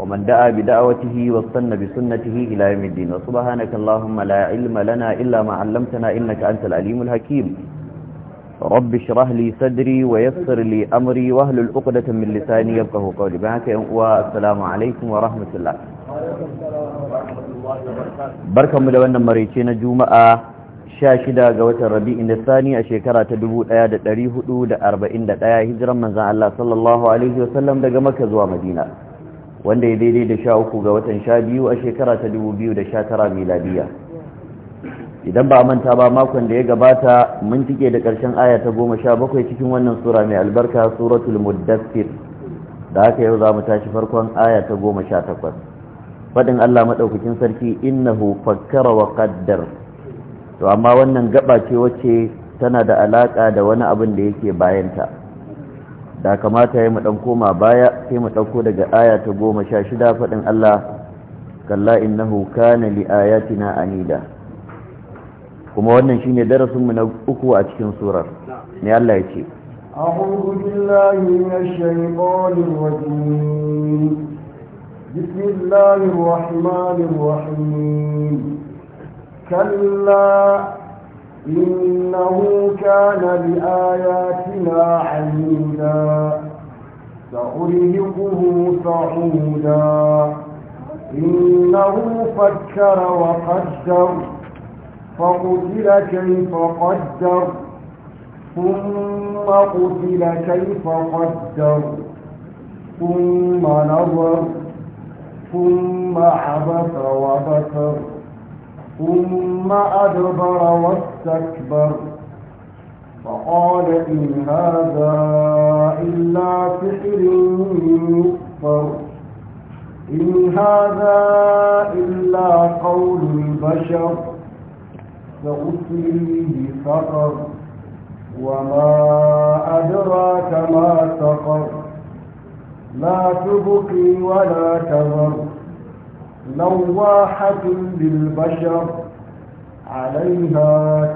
ومن دعا بدعوته واستنى بسنته إلى يوم الدين وسبحانك اللهم لا علم لنا إلا ما علمتنا إنك أنت العليم الحكيم رب اشرح لي صدري ويسر لي أمري وأهل العقدة من لساني يبقه قولي معك والسلام عليكم ورحمة الله barkan mu da wannan maraice na juma'a 16 ga watan rabi'in da sani a shekara ta 1441 hijiran manzon Allah sallallahu alaihi wasallam daga makka zuwa madina wanda ya daidai da sha uku ga watan sha biyu a shekara ta dubu biyu da sha tara miladiya idan ba a manta ba makon da ya gabata mun cike da ƙarshen aya ta goma sha bakwai cikin wannan sura mai albarka suratul muddassir da haka yau za mu tashi farkon aya ta goma sha takwas faɗin allah maɗaukakin sarki innahu fakkara wa qaddar to amma wannan gaɓa ce wacce tana da alaƙa da wani abin da yake bayanta da kamata ya mu dan koma baya sai mu ɗauko daga aya ta goma sha shida, faɗin Allah kalla innahu kana li ayatina anida kuma wannan shine darasin mu na uku a cikin surar ne Allah ya ce أعوذ بالله من الشيطان الرجيم بسم الله الرحمن الرحيم كلا إنه كان بآياتنا عنيدا سأرهقه صعودا إنه فكر وقدر فقتل كيف قدر ثم قتل كيف قدر ثم نظر ثم عبث وبصر ثم أدبر واستكبر فقال إن هذا إلا سحر يكفر إن هذا إلا قول البشر سأسليه سقر وما أدراك ما سقر لا تبقي ولا تذر لواحة للبشر عليها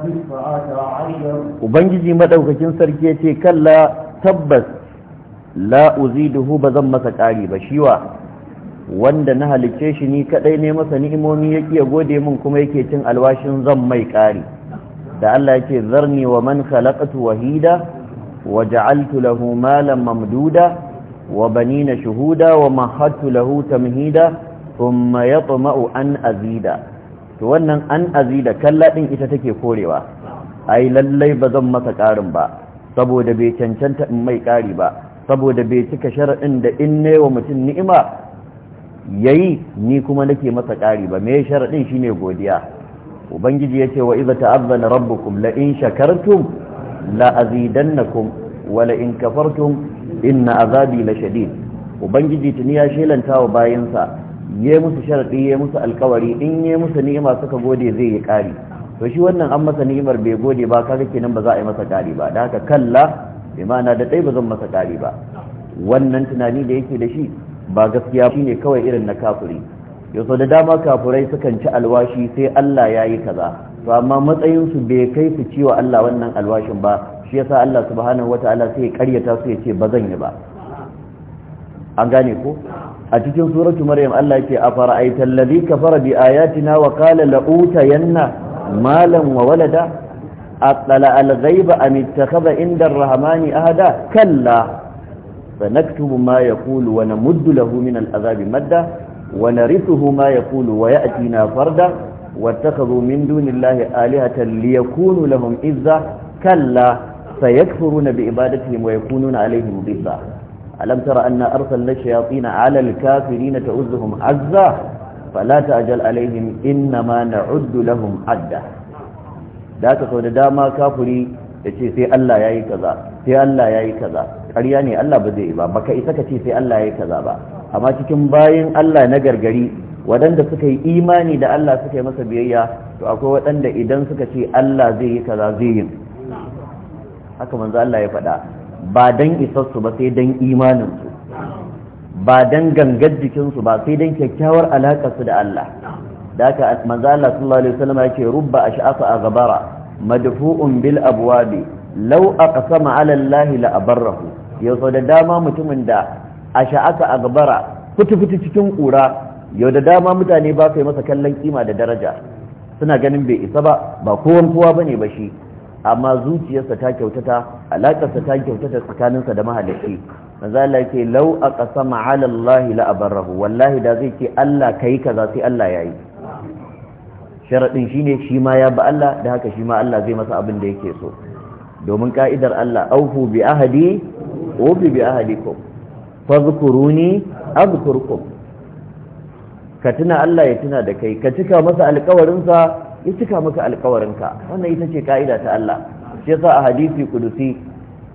تسعة عشر وبنجي مدوك جنسر كيتي كلا تبس لا أزيده بزمة كاري بشيوة wanda na halicce shi ni kadai ne masa ni'imomi yake gode min kuma yake cin alwashin zan mai kari da Allah yake zarni wa man khalaqtu wahida wa ja'altu lahu malan mamduda wa banina shuhuda wa mahattu lahu tamhida thumma yatma'u an azida to wannan an azida kalla din ita take korewa ai lallai ba zan masa karin ba saboda bai cancanta in mai kari ba saboda bai cika sharadin da in ne wa mutum ni'ima yayi ni kuma nake masa kari ba me sharadin shine godiya ubangiji yace wa idza ta'azzana rabbukum la in shakartum la azidannakum wa la in kafartum inna azabi la shadid ubangiji tuni ya shelanta wa bayinsa ya musu sharaɗi ya musu alkawari in ya musu ni'ima suka gode zai yi ƙari to shi wannan an masa ni'imar bai gode ba kaga kenan ba za a yi masa ƙari ba da haka kalla bai ma'ana da ɗai ba zan masa ƙari ba wannan tunani da yake da shi ba gaskiya shine kawai irin na kafuri yau da dama kafurai sukan ci alwashi sai Allah ya yi kaza to amma su bai kai su ciwa Allah wannan alwashin ba shi yasa Allah subhanahu wata'ala sai ya karyata su ya ce ba zan yi ba an gane ko a cikin suratu maryam Allah yake a fara'aita allazi kafara bi ayatina wa qala la utayanna malan wa walada aqala a ghaiba am ittakhadha inda ar-rahmani ahada kalla sanaktubu ma kulu wa namuddu lahu min al madda wa narithuhu ma yaqulu wa na farda واتخذوا من دون الله izza kalla لهم إذا كلا سيكفرون بإبادتهم ويكونون عليهم ضدًا ألم تر أن أرسلنا الشياطين على الكافرين تعزهم عزا فلا تأجل عليهم إنما نعد لهم adda. da ka so da dama kafuri da ce sai Allah ya yi kaza sai Allah ya yi kaza ƙarya ne Allah ba zai yi ba baka isa ka ce sai Allah ya yi kaza ba amma cikin bayan Allah na gargari waɗanda suka yi imani da Allah suka yi masa biyayya to akwai waɗanda idan suka ce Allah zai yi kaza zai yi haka manzo Allah ya faɗa ba don isarsu ba sai don imaninsu ba don gangar jikinsu ba sai don kyakkyawar alaƙarsu da Allah da aka manzo Allah sallallahu alaihi wasallam ya ce rubba ash'afa aghbara madfu'un bil abwabi law aqsama ala Allah la abarrahu yau da dama mutumin da ash'afa aghbara fitu fitu cikin ƙura, yau da dama mutane ba su yi masa kallon kima da daraja suna ganin bai isa ba ba kowan kowa bane ba shi amma zuciyarsa ta kyautata alaƙarsa ta kyautata tsakaninsa da mahalicci maza ke lau a ƙasa ala la'abarrahu wallahi da zai ce Allah ka kai kaza sai Allah yayi yi shine shi ma ya ba Allah da haka shi ma Allah zai masa abin da yake so domin ka'idar Allah aufu bi ahadi ufi bi ahadikum fadhkuruni adhkurkum ka tuna Allah ya tuna da kai ka cika masa alƙawarinsa ya cika maka alkawarinka wannan ita ce ka'ida ta Allah shi yasa a hadisi kudusi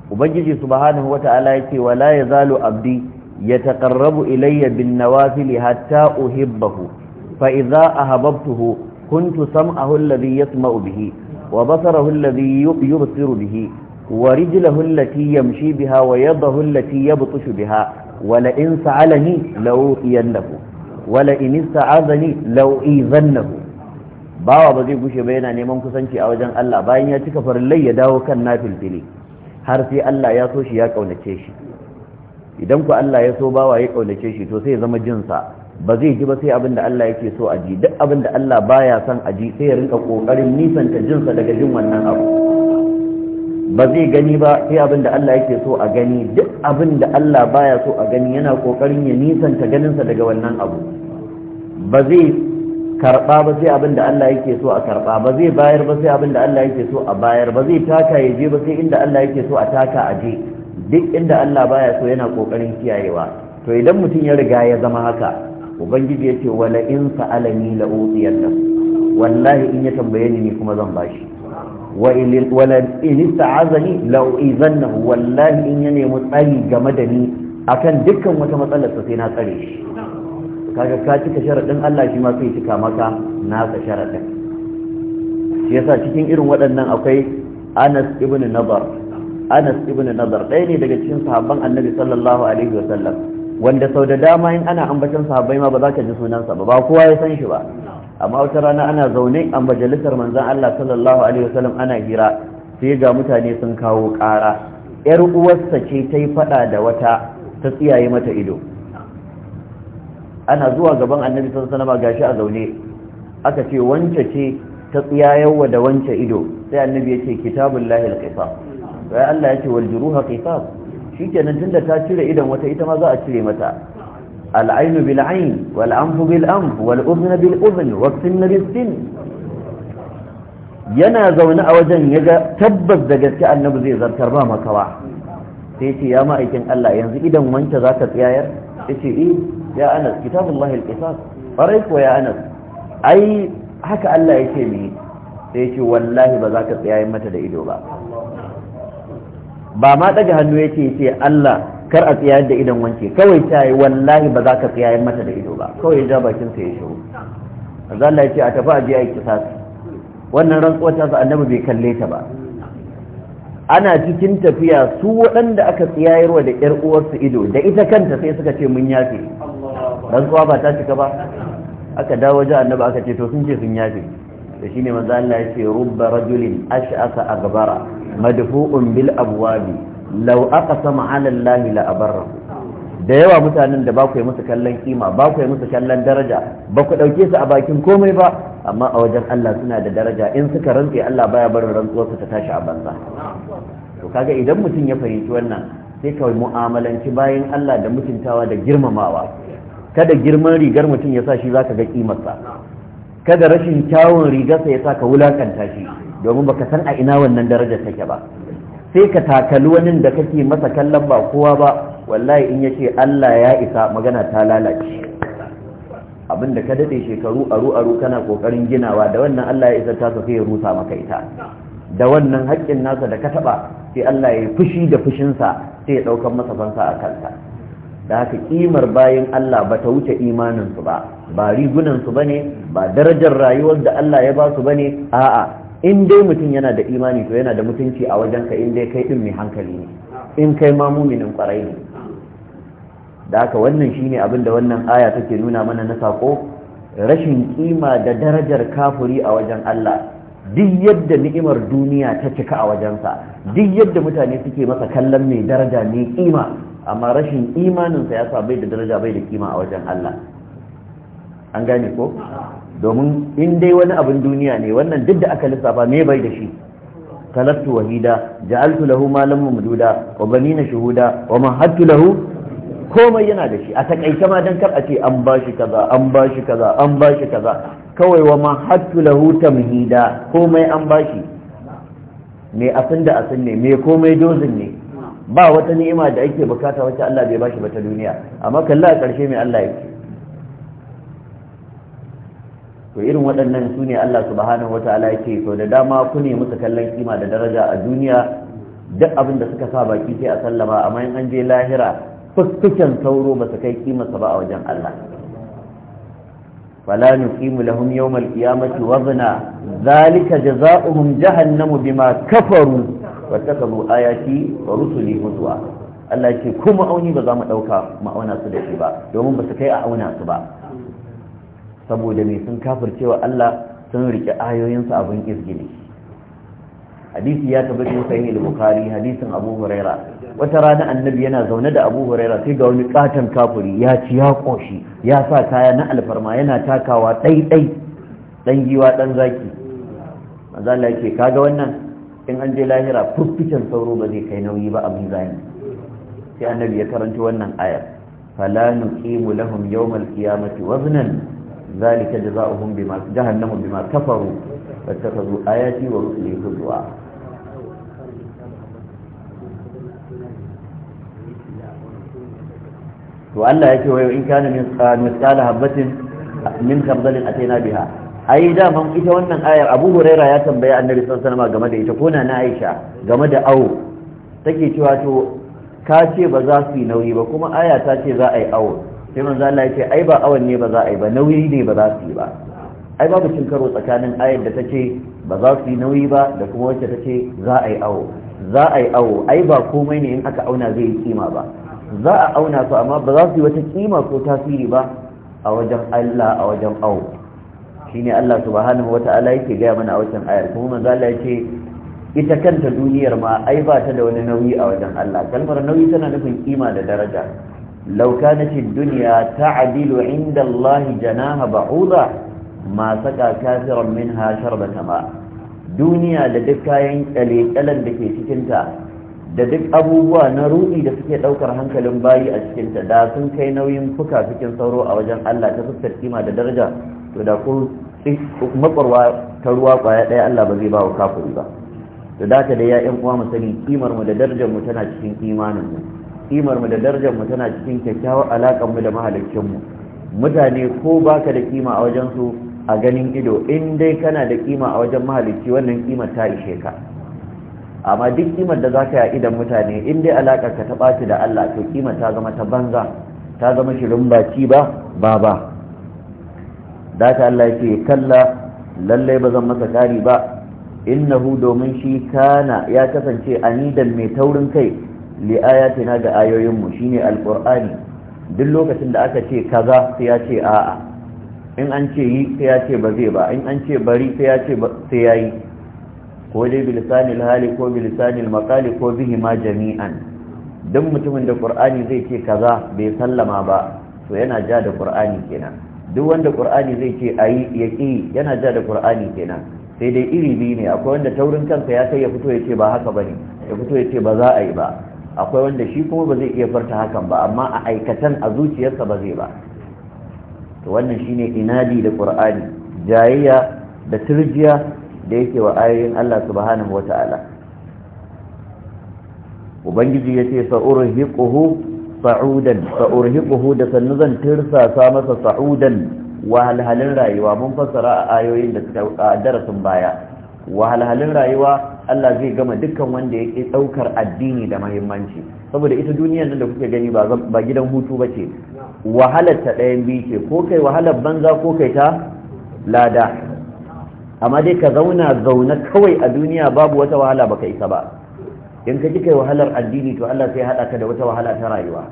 ubangiji subhanahu wata'ala yake wala yazalu abdi yataqarrabu ilayya bin nawafil hatta uhibbahu fa idza ahabbtuhu kuntu sam'ahu alladhi yasma'u bihi wa basarahu alladhi yubsiru bihi wa rijluhu allati yamshi biha wa yadahu allati yabtashu biha wa la in sa'alani la'u'iyannahu wa la in ista'azani la'u'izannahu bawa ba zai gushe ba yana neman kusanci a wajen Allah bayan ya cika farillai ya dawo kan nafilfili har sai Allah ya so shi ya kaunace shi idan ku Allah ya so bawa ya kaunace shi to sai ya zama jinsa ba zai ji ba sai abin da Allah yake so a ji duk abin da Allah baya son a ji sai ya rinka kokarin nisanta jinsa daga jin wannan abu ba zai gani ba sai abin da Allah yake so a gani duk abin da Allah baya so a gani yana kokarin ya nisanta ganinsa daga wannan abu ba zai karɓa ba sai abin da Allah yake so a karɓa ba zai bayar ba sai abin da Allah yake so a bayar ba zai taka ya je ba sai inda Allah yake so a taka a je duk inda Allah baya so yana kokarin kiyayewa to idan mutum ya riga ya zama haka ubangiji ya ce wala in sa'alani la utiyanna wallahi in ya tambaye ni ni kuma zan bashi wa wala in ista'azani la uizannahu wallahi in ya nemi tsari game da ni akan dukkan wata matsalar sai na tsare shi kaga ka cika sharaɗin Allah shi ma sai cika maka nasa sharaɗin shi yasa cikin irin waɗannan akwai Anas ibn Nadar Anas ibn Nadar ɗaya ne daga cikin sahabban Annabi sallallahu alaihi wa sallam wanda sau da dama in ana ambacin sahabbai ma ba za ka ji sunansa ba ba kowa ya san shi ba amma wata rana ana zaune a majalisar manzon Allah sallallahu alaihi wa sallam ana hira sai ga mutane sun kawo ƙara 'yar uwarsa ce ta yi faɗa da wata ta tsiyaye mata ido ana zuwa gaban annabi sallallahu alaihi gashi a zaune aka ce wance ce ta tsayayyawa da wance ido sai annabi yace kitabullahi alqisas sai Allah yace wal shi kenan tun tunda ta cire idan wata ita ma za a cire mata al'ainu bil ayn wal anfu bil anf wal udhnu yana zaune a wajen yaga tabbas da gaske annabi zai zartar ba makawa sai ce ya ma'aikin Allah yanzu idan wance za ka tsiyayar yace eh ya anas kitabullahi alqisas farai ko ya anas ai haka Allah yake mi sai yace wallahi ba za ka tsaya mata da ido ba ba ma daga hannu yace yace Allah kar a tsayar da idan wanke kawai ta yi wallahi ba za ka tsayar mata da ido ba kawai ya ja bakin sa ya shiru azza Allah ya ce a tafi a je a yi kisasi wannan rantsuwar ta annabi bai kalle ta ba ana cikin tafiya su waɗanda aka tsiyayarwa da ƴar uwarsu ido da ita kanta sai suka ce mun yafe rantsuwa ba ta cika ba aka dawo wajen annabi aka ce to sun ce sun yafe da shine maza Allah ya ce rubba rajulin ash'asa agbara madfu'un bil abuwabi lau aka sama Allah la da yawa mutanen da ba ku yi musu kallon kima ba ku yi musu kallon daraja ba ku dauke su a bakin komai ba amma a wajen Allah suna da daraja in suka rantse Allah baya barin rantsuwarsu ta tashi a banza to kaga idan mutum ya fahimci wannan sai kawai mu'amalanci bayan Allah da mutuntawa da girmamawa kada girman rigar mutum ya sa shi zaka ga kimarsa kada rashin kyawun rigarsa ya sa ka wulakanta shi domin baka san a ina wannan daraja take ba sai ka takali wani da kake masa kallon ba kowa ba wallahi in yace Allah ya isa magana ta lalace abinda ka dade shekaru aru aru kana kokarin ginawa da wannan Allah ya isa ta sai ya rusa maka ita da wannan haƙƙin nasa da ka taɓa sai Allah ya yi fushi da fushinsa sai ya ɗaukar masa fansa a kansa da haka ƙimar bayan Allah ba ta wuce imaninsu ba ba rigunansu ba ne ba darajar rayuwar da Allah ya ba su ba ne a'a in dai mutum yana da imani to yana da mutunci a wajen ka, in dai kai ɗin mai hankali ne in kai ma muminin ƙwarai ne da haka wannan shine abin da wannan aya take nuna mana na saƙo? rashin ƙima da darajar kafuri a wajen Allah duk yadda ni'imar duniya ta cika a wajensa duk yadda mutane suke masa kallon mai daraja mai kima amma rashin imaninsa ya sa bai da daraja bai da kima a wajen Allah an gane ko domin in dai wani abin duniya ne wannan duk da aka lissafa me bai da shi talattu wahida ja'altu lahu malam mamduda wa banina shuhuda wa mahattu lahu komai yana da shi a takaice ma dan kar a ce an bashi kaza an bashi kaza an bashi kaza kawai wa ma hattu lahu tamhida komai an bashi me asin da asin ne me komai dozin ne ba wata ni'ima da ake bukata wacce Allah bai bashi ba ta duniya amma kalla a ƙarshe me Allah yake to irin waɗannan su ne Allah subhanahu wata'ala yake to da dama ku ne musu kallon kima da daraja a duniya duk abin da suka sa baki sai a sallama amma in an je lahira fuskucin sauro ba su kai kimarsa ba a wajen Allah فلا نقيم لهم يوم القيامة وزنا ذلك جزاؤهم جهنم بما كفروا واتخذوا آياتي ورسلي هزوا Allah ce ko ma'auni ba za mu ɗauka auna su da shi ba domin ba su kai a auna su ba saboda mai sun cewa Allah sun riƙe ayoyinsu abin izgili hadisi ya tabbata cikin sahih al-bukhari hadisin abu huraira wata rana annabi yana zaune da abu huraira sai ga wani katan kafuri ya ci ya koshi ya sa kaya na alfarma yana takawa dai dai dan giwa dan zaki manzo Allah yake kaga wannan in an je lahira fufficen sauro ba zai kai nauyi ba a mizani sai annabi ya karanta wannan ayar fala nuqimu lahum yawmal qiyamati waznan zalika jazaohum bima jahannam bima kafaru واتخذوا آياتي ورسلي هزوا to Allah yake wayo in kana min misala habatin min khardalin ataina biha ai da ita wannan ayar Abu Huraira ya tambaya Annabi sallallahu alaihi wasallam game da ita ko na Aisha game da awo take cewa to ka ce ba za su yi nauyi ba kuma aya ta ce za a yi awo sai manzo Allah ya ce ai ba awon ne ba za yi ba nauyi ne ba za su yi ba ai babu cin karo tsakanin ayar da take ba za su yi nauyi ba da kuma wacce take za a yi awo za a yi awo ai ba komai ne in aka auna zai yi kima ba za a auna su amma ba za su yi wata kima ko tasiri ba a wajen Allah a wajen awo shine Allah subhanahu wata'ala yake gaya mana a wajen ayar kuma manzo Allah yake ita kanta duniyar ma ai ba ta da wani nauyi a wajen Allah kalmar nauyi tana nufin kima da daraja law kanat ad-dunya ta'dilu 'inda Allah janaha ba'udha ma saka kafiran minha sharbata ma duniya da duk kayan kyale-kyalen da ke cikinta da duk abubuwa na ruɗi da suke ɗaukar hankalin bayi a cikinta da sun kai nauyin fuka cikin sauro a wajen Allah ta fuskar kima da daraja to da ku makwarwa ta ruwa kwaya ɗaya Allah ba zai ba wa kafiri ba to da ka da ya ƴan uwa mu sani kimar mu da darajar mu tana cikin imanin mu kimar mu da darajar mu tana cikin kyakkyawar alaƙar mu da mahaliccin mu mutane ko baka da kima a wajen su a ganin ido in dai kana da kima a wajen mahalicci wannan kimar ta ishe ka amma duk kimar da za ka yi idan mutane in dai alaƙar ka ta ɓaci da Allah to kima ta zama ta banza ta zama shirin baci ba ba ba da ta Allah ce kalla lallai ba zan masa ƙari ba innahu domin shi kana ya kasance a nidan mai taurin kai li ayatina ga ayoyinmu shine alqur'ani duk lokacin da aka ce kaza sai ya ce a'a in an ce yi sai ya ce ba zai ba in an ce bari sai ya ce sai ya yi ko dai bilisanil hali ko bilisanil makali ko bihi ma jami'an duk mutumin da ƙur'ani zai ce kaza bai sallama ba to yana ja da ƙur'ani kenan duk wanda ƙur'ani zai ce a yi ya ƙi yana ja da ƙur'ani kenan sai dai iri biyu ne akwai wanda taurin kansa ya kai ya fito ya ce ba haka ba ne ya fito ya ce ba za a yi ba akwai wanda shi kuma ba zai iya farta hakan ba amma a aikatan a zuciyarsa ba zai ba wannan shine inadi da qur'ani jayayya da turjiya da yake wa ayoyin Allah subhanahu wata'ala ubangiji yace sa'urhiquhu sa'udan sa'urhiquhu da sannu zan tirsasa masa sa'udan wahalhalin rayuwa mun fassara a ayoyin da suka darasin baya wahalhalin rayuwa Allah zai gama dukkan wanda yake daukar addini da muhimmanci saboda ita duniyar nan da kuke gani ba gidan hutu bace wahalar ta ɗayan biyu ce ko kai wahalar banza ko kai ta lada amma dai ka zauna zauna kawai a duniya babu wata wahala baka isa ba in ka ji kai wahalar addini to Allah sai haɗa ka da wata wahala ta rayuwa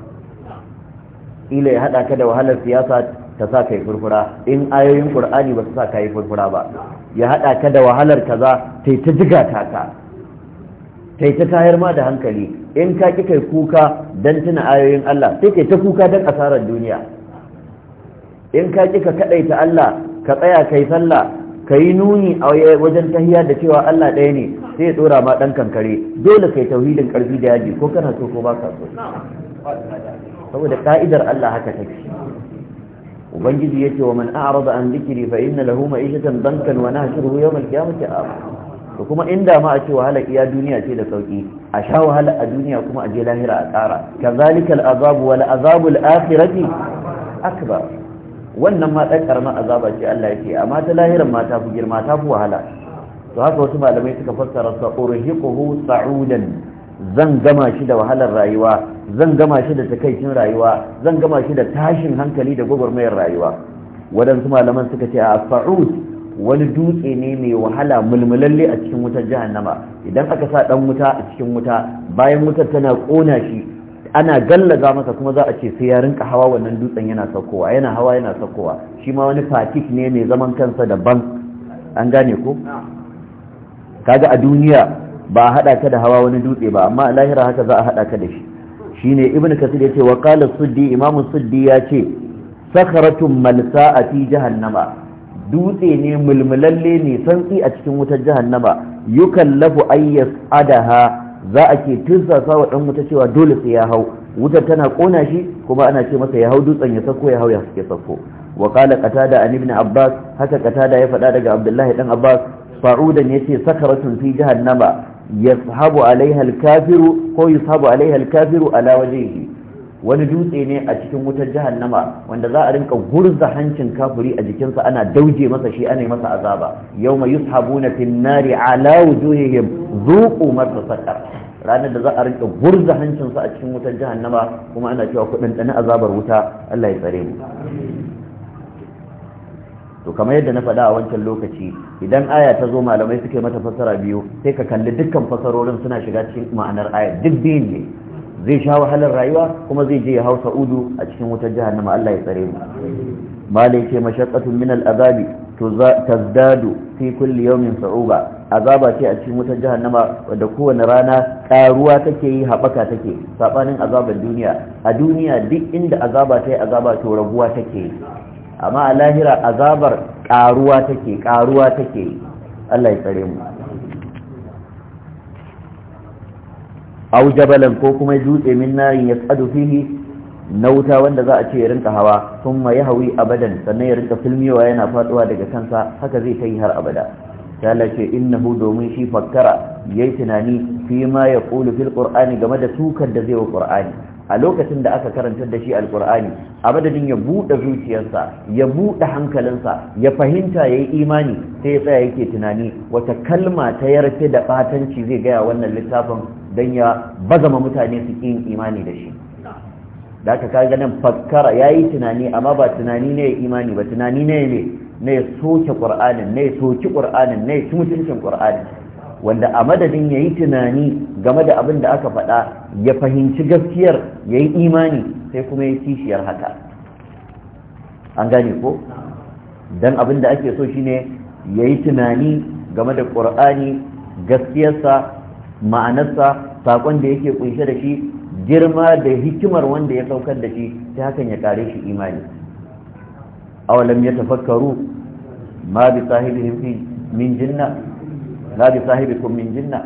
ila ya haɗa ka da wahalar siyasa ta sa kai furfura in ayoyin qur'ani ba su sa kai furfura ba ya haɗa ka da wahalar kaza sai ta jiga ta ka kai ta tayar ma da hankali in ka ki kai kuka dan tuna ayoyin Allah sai kai ta kuka dan asarar duniya in ka ki ka kaɗaita Allah ka tsaya kai sallah yi nuni a wajen tahiyya da cewa Allah ɗaya ne sai ya dora ma dan kankare dole kai tauhidin karfi da yaji ko kana so ko baka so saboda ka'idar Allah haka take ubangiji yace wa man a'rada an dhikri fa inna lahu ma'ishatan dankan wa nahshuruhu yawm qiyamati a'ma to kuma inda ma a ce wahala iya duniya ce da sauki a sha wahala a duniya kuma a je lahira a tsara kazalika al'azabu wal azabul akhirati akbar wannan ma dan karamar azaba ce Allah yake amma ta lahiran mata fi girma ta fi wahala to haka wasu malamai suka fassara sa urhiquhu sa'udan zan gama shi da wahalar rayuwa zan gama shi da takaicin rayuwa zan gama shi da tashin hankali da gwagwarmayar rayuwa wadansu malaman suka ce a sa'ud wani dutse ne mai wahala mulmulalle a cikin wutar jahannama idan aka sa ɗan wuta a cikin wuta bayan wutar tana kona shi ana gallaza masa kuma za a ce sai ya rinka hawa wannan dutsen yana saukowa yana hawa yana saukowa shi ma wani fatik ne mai zaman kansa daban an gane ko kaga a duniya ba a hada ka da hawa wani dutse ba amma a lahira haka za a hada ka da shi shine ibnu kasir ce wa qala suddi imamu suddi ya ce sakaratun malsa'a fi jahannama dutse ne mulmulalle ne santsi a cikin wutar jahannama yukallafu ayyas adaha za a ke tirsasa wa dan wuta cewa dole sai ya hau wutar tana kona shi kuma ana ce masa ya hau dutsen ya sako ya hau ya suke sako wa qala qatada an ibn abbas haka qatada ya fada daga abdullahi dan abbas fa'udan yace sakaratun fi jahannama yashabu alaiha al-kafiru ko yashabu alaiha al-kafiru ala wajhihi wani dutse ne a cikin wutar jahannama wanda za a rinka gurza hancin kafuri a jikinsa ana dauje masa shi ana masa azaba yawma yushabuna fin nari ala wujuhihim zuku masa saqar ranar da za a rinka gurza hancinsa a cikin wutar jahannama kuma ana cewa kudin dana azabar wuta Allah ya tsare mu to kamar yadda na faɗa a wancan lokaci idan aya ta zo malamai suke mata fasara biyu sai ka kalli dukkan fasarorin suna shiga cikin ma'anar aya duk biyun ne zai sha wahalar rayuwa kuma zai je ya hau sa'udu a cikin wutar jahannama Allah ya tsare mu malai ce mashaqqatun min al'azabi tazdadu fi kulli yawmin sa'uba azaba ce a cikin wutar jahannama da kowane rana karuwa take yi haɓaka take sabanin azabar duniya a duniya duk inda azaba ta yi azaba to raguwa take yi amma a lahira azabar karuwa take karuwa take Allah ya tsare mu au jabalan ko kuma dutse min narin ya tsadu fihi na wuta wanda za a ce ya rinka hawa sun ma ya a abadan sannan ya rinka filmiyowa yana faduwa daga kansa haka zai kai har abada ta lace innahu domin shi fakkara yayi tunani fi ma ya qulu fil game da sukar da zai wa ƙur'ani a lokacin da aka karantar da shi alkur'ani a ya buɗe zuciyarsa ya buɗe hankalinsa ya fahimta ya yi imani sai ya tsaya yake tunani wata kalma ta yarfe da ɓatanci zai gaya wannan littafin don ya bazama mutane su ƙin imani da shi da aka kaga nan fakkara ya yi tunani amma ba tunani ne ya imani ba tunani ne ne na ya soke ƙur'anin na ya soke ƙur'anin na ya ci mutuncin ƙur'anin wanda a madadin ya yi tunani game da abin da aka faɗa ya fahimci gaskiyar ya yi imani sai kuma ya kishiyar haka an gane ko don abin da ake so shine ya yi tunani game da ƙur'ani gaskiyarsa ma'anarsa sakon da yake kunshe da shi girma da hikimar wanda ya saukar da shi ta hakan ya kare shi imani awalam ya tafakkaru ma bi sahibihim min jinna la bi sahibikum min jinna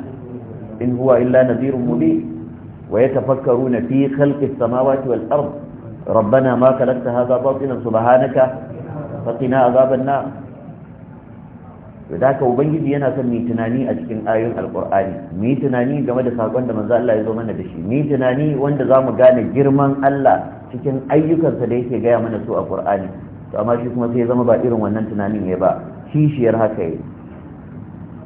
in huwa illa nadhirun mubin wa yatafakkaruna fi khalqi as-samawati wal ard ربنا ما خلقت هذا باطلا سبحانك فقنا عذاب النار to da ka ubangiji yana son mu tunani a cikin ayoyin alqur'ani mu tunani game da sakon da manzo Allah ya zo mana da shi mu tunani wanda zamu gane girman Allah cikin ayyukansa da yake gaya mana su a qur'ani to amma shi kuma sai ya zama ba irin wannan tunanin ya ba kishiyar haka yi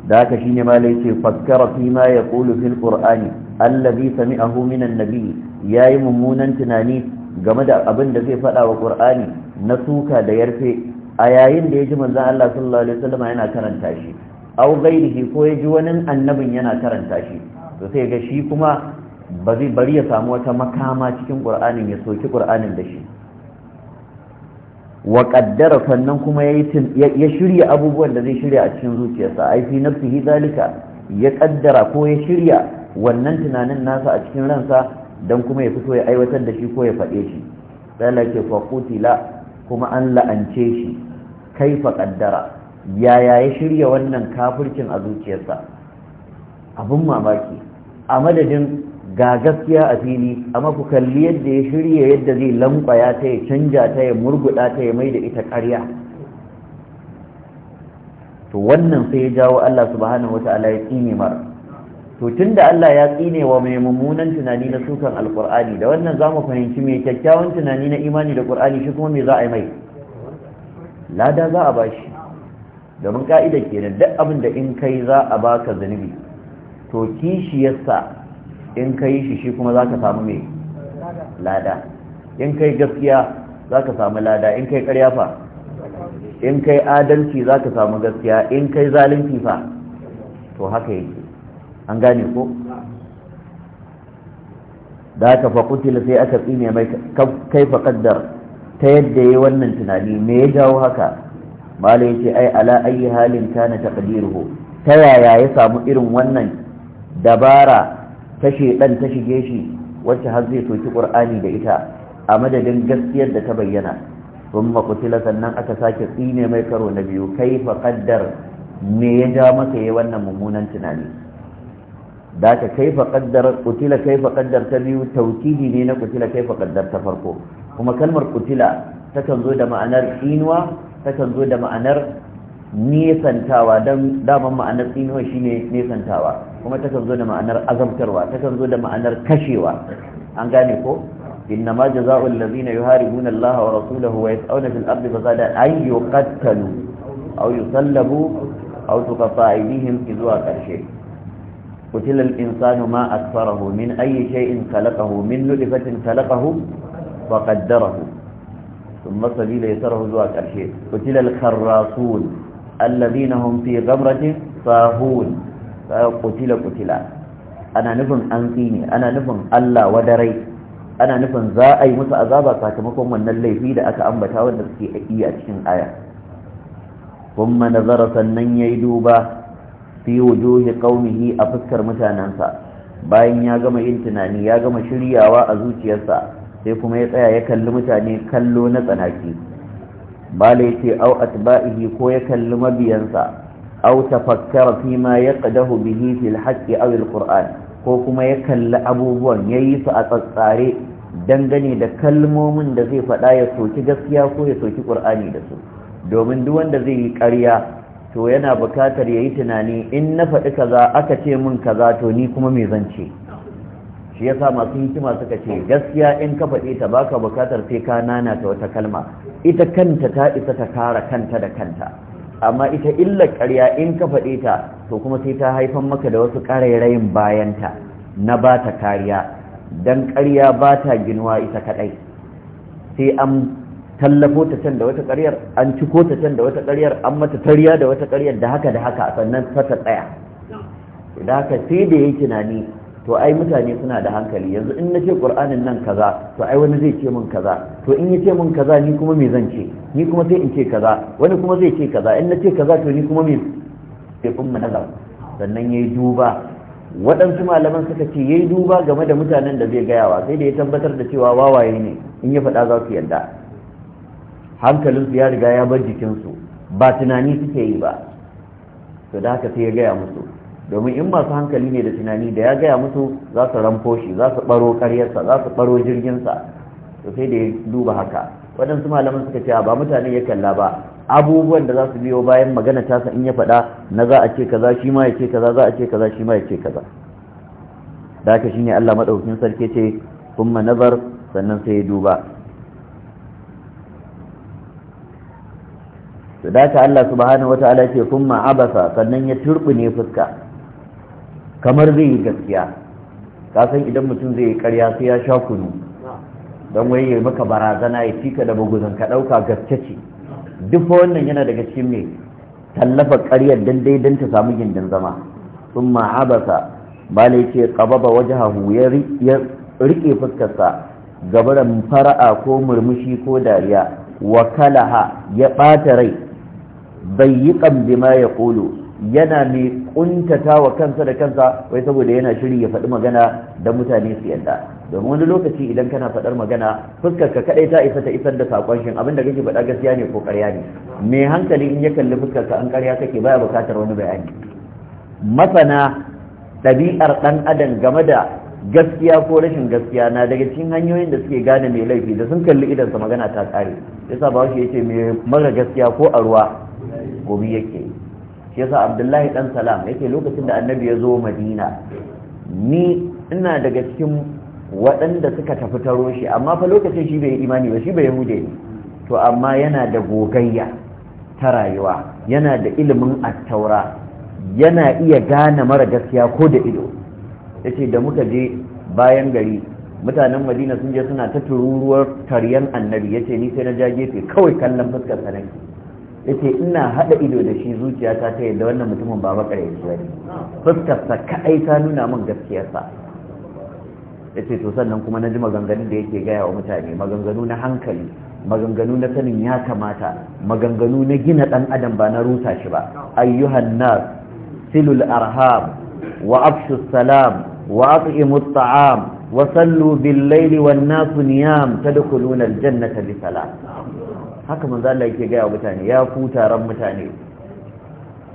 da haka shine malai ce fakkara fi ma yaqulu fil qur'ani allazi sami'ahu min annabi yayi mummunan tunani game da abin da zai faɗawa wa qur'ani na suka da yarfe a yayin da ya ji manzan Allah sallallahu alaihi wasallam yana karanta shi au gairihi ko ya ji wani annabin yana karanta shi to sai ga shi kuma ba zai bari ya samu wata makama cikin ƙur'anin ya soki qur'anin da shi wa qaddara sannan kuma yayi ya shirya abubuwan da zai shirya a cikin zuciyarsa ai fi nafsihi zalika ya kaddara ko ya shirya wannan tunanin nasa a cikin ransa dan kuma ya fito ya aiwatar da shi ko ya faɗe shi sai Allah ke fa qutila kuma an la'ance shi kaifa kaddara yaya ya shirya wannan kafircin a zuciyarsa abin mamaki a madadin ga gaskiya a fili amma ku kalli yadda ya shirya yadda zai lankwaya ta ya canja ta ya murguɗa ta ya mai da ita ƙarya to wannan sai ya jawo Allah subhanahu wata'ala ya tsine mara to tunda Allah ya tsine wa mai mummunan tunani na sukan alkur'ani da wannan za mu fahimci mai kyakkyawan tunani na imani da ƙur'ani shi kuma me za a yi mai lada za a bashi domin ka'ida kenan duk abin da in kai za a baka zunubi to kishi yasa in kai shi shi kuma za ka samu mai lada in kai gaskiya za ka samu lada in kai ƙarya fa in kai adalci za ka samu gaskiya in kai zalunci fa to haka yake an gane ko da aka da sai aka tsine mai kaifa kaddar ta yadda ya wannan tunani me ya jawo haka malai ce ai ala ayi halin kana taqdiruhu ta yaya ya samu irin wannan dabara ta ɗan ta shige shi wacce har zai soki ƙur'ani da ita a madadin gaskiyar da ta bayyana thumma qutila sannan aka sake tsine mai karo na biyu kaifa kaddar me ya ja masa yayi wannan mummunan tunani da ka kaifa qaddar qutila kaifa kaddar ta biyu tawkidi ne na qutila kaifa kaddar ta farko kuma kalmar kutila takan zo da ma'anar inuwa takan zo da ma'anar nesantawa don daman ma'anar shi shine nesantawa kuma takan zo da ma'anar azabtarwa takan zo da ma'anar kashewa an gane ko inna ma jaza'ul ladzina yuharibuna Allah wa rasulahu wa yas'una fil ardi fasada an yuqattalu aw yusallabu aw tuqatta izwa karshe قتل الإنسان ما أكثره من أي شيء خلقه من نطفة خلقه فقدره ثم سبيل يسره ذوات الشيء قتل الخراصون الذين هم في غمرة ساهون قتل قتل أنا نفن أنقيني أنا نفن ألا ودري أنا نفن ذا أي متأذابة ساكمكم من اللي في لأك أنبتا ونفسي إياتشن آية ثم نظر سنن يدوبا fi wujuhi qaumihi a fuskar mutanansa bayan ya gama yin tunani ya gama shiryawa a zuciyarsa sai kuma ya tsaya ya kalli mutane kallo na tsanaki bala yace au atba'ihi ko ya kalli mabiyansa au tafakkara fi ma yaqdahu bihi fil haqqi aw al qur'an ko kuma ya kalli abubuwan yayi su a tsatsare dangane da kalmomin da zai faɗa ya soki gaskiya ko ya soki ƙur'ani da su domin duk wanda zai yi ƙarya to yana bukatar ya yi tunani in na faɗi kaza aka ce min kaza to ni kuma me zan ce shi yasa masu hikima suka ce gaskiya in ka faɗi ta baka bukatar sai ka nana ta wata kalma ita kanta ta isa ta kara kanta da kanta amma ita illar ƙarya in ka faɗi ta to kuma sai ta haifan maka da wasu ƙarairayin bayanta na ba ta kariya don ƙarya ba ta ginuwa ita kaɗai sai an tallafo ta can da wata ƙaryar an ciko ta can da wata ƙaryar an mata tariya da wata ƙaryar da haka da haka sannan ta ta tsaya da haka sai da ya tunani to ai mutane suna da hankali yanzu in na ce ƙur'anin nan kaza to ai wani zai ce min kaza to in ya ce min kaza ni kuma me zan ce ni kuma sai in ce kaza wani kuma zai ce kaza in na ce kaza to ni kuma me sai kun mu nazar sannan yayi duba waɗansu malaman suka ce yayi duba game da mutanen da zai gayawa sai da ya tabbatar da cewa wawaye ne in ya faɗa za su yarda hankalinsu ya riga ya bar jikinsu ba tunani suke yi ba to da haka sai ya gaya musu domin in masu hankali ne da tunani da ya gaya musu za su ramfo shi za su baro karyarsa za su baro jirginsa to sai da ya duba haka waɗansu malaman suka ce ba mutane ya kalla ba abubuwan da za su biyo bayan magana tasa in ya faɗa na za a ce kaza shi ma ya ce kaza za a ce kaza shi ma ya ce kaza da haka shine Allah madaukakin sarki ce kuma nazar sannan sai ya duba Su dace Allah subhanahu ta'ala ce kuma abasa sannan ya ne fuska kamar zai yi gaskiya ka san idan mutum zai yi karya sai ya sha kunu don wai ya maka barazana ya cika da buguzan ka ɗauka gaske ce duk wannan yana daga cikin mai tallafa karyar dan daidan ta samu gindin zama kuma abasa ne ce wajen hahu ya rike fuskarsa gabaran fara'a ko murmushi ko dariya wakalaha ya ɓata rai bayyiqan ya yaqulu yana mai kuntata wa kansa da kansa wai saboda yana shiri ya faɗi magana da mutane su yadda domin wani lokaci idan kana faɗar magana fuskar ka kaɗai ta isa ta isar da saƙon shin abinda kake faɗa gaskiya ne ko ƙarya ne mai hankali in ya kalli fuskar ka an ƙarya kake baya buƙatar wani bayani masana ɗabi'ar ɗan adam game da gaskiya ko rashin gaskiya na daga cikin hanyoyin da suke gane mai laifi da sun kalli idansa magana ta ƙare yasa ba ya ce mai mara gaskiya ko a ruwa gobe yake shi yasa abdullahi dan salam yake lokacin da annabi ya zo madina ni ina daga cikin waɗanda suka tafi taro shi amma fa lokacin shi bai imani ba shi bai yahude ne to amma yana da gogayya ta rayuwa yana da ilimin attaura yana iya gane mara gaskiya ko da ido yace da muka je bayan gari mutanen madina sun je suna ta tururuwar taryan annabi yace ni sai na ja gefe kawai kallon fuskar sanaki yace ina hada ido da shi zuciyata ta yadda wannan mutumin ba makareci ne fuskarsa kaɗai ta nuna min gaskiyarsa yace to sannan kuma na ji maganganun da yake gaya wa mutane maganganu na hankali maganganu na sanin ya kamata maganganu na gina dan adam ba na rusa shi ba ayyuhan nas silul arham wa afshu salam wa at'imu at'am wa sallu bil laili wan nas niyam tadkhuluna al jannata bi salam haka manzo Allah yake gaya mutane ya ku taron mutane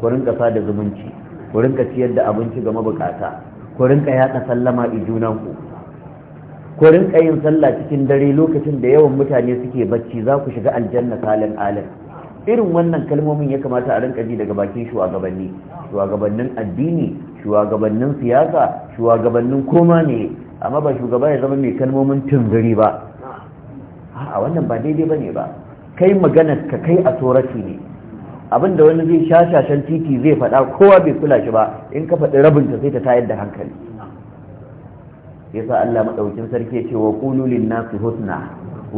ku rinka sada zumunci ku rinka ciyar da abinci ga mabukata ku rinka yaɗa sallama i junan ku rinka yin sallah cikin dare lokacin da yawan mutane suke bacci za ku shiga aljanna salin alim irin wannan kalmomin ya kamata a rinka ji daga bakin shugabanni shugabannin addini shugabannin siyasa shugabannin koma ne amma ba shugaba ya zama mai kalmomin tunzuri ba a wannan ba daidai ne ba kai maganar ka kai a tsorati ne abinda wani zai shashashen titi zai faɗa kowa bai kula shi ba in ka faɗi rabin ta sai ta tayar da hankali sa Allah maɗaukin sarki ce wa qulu lin husna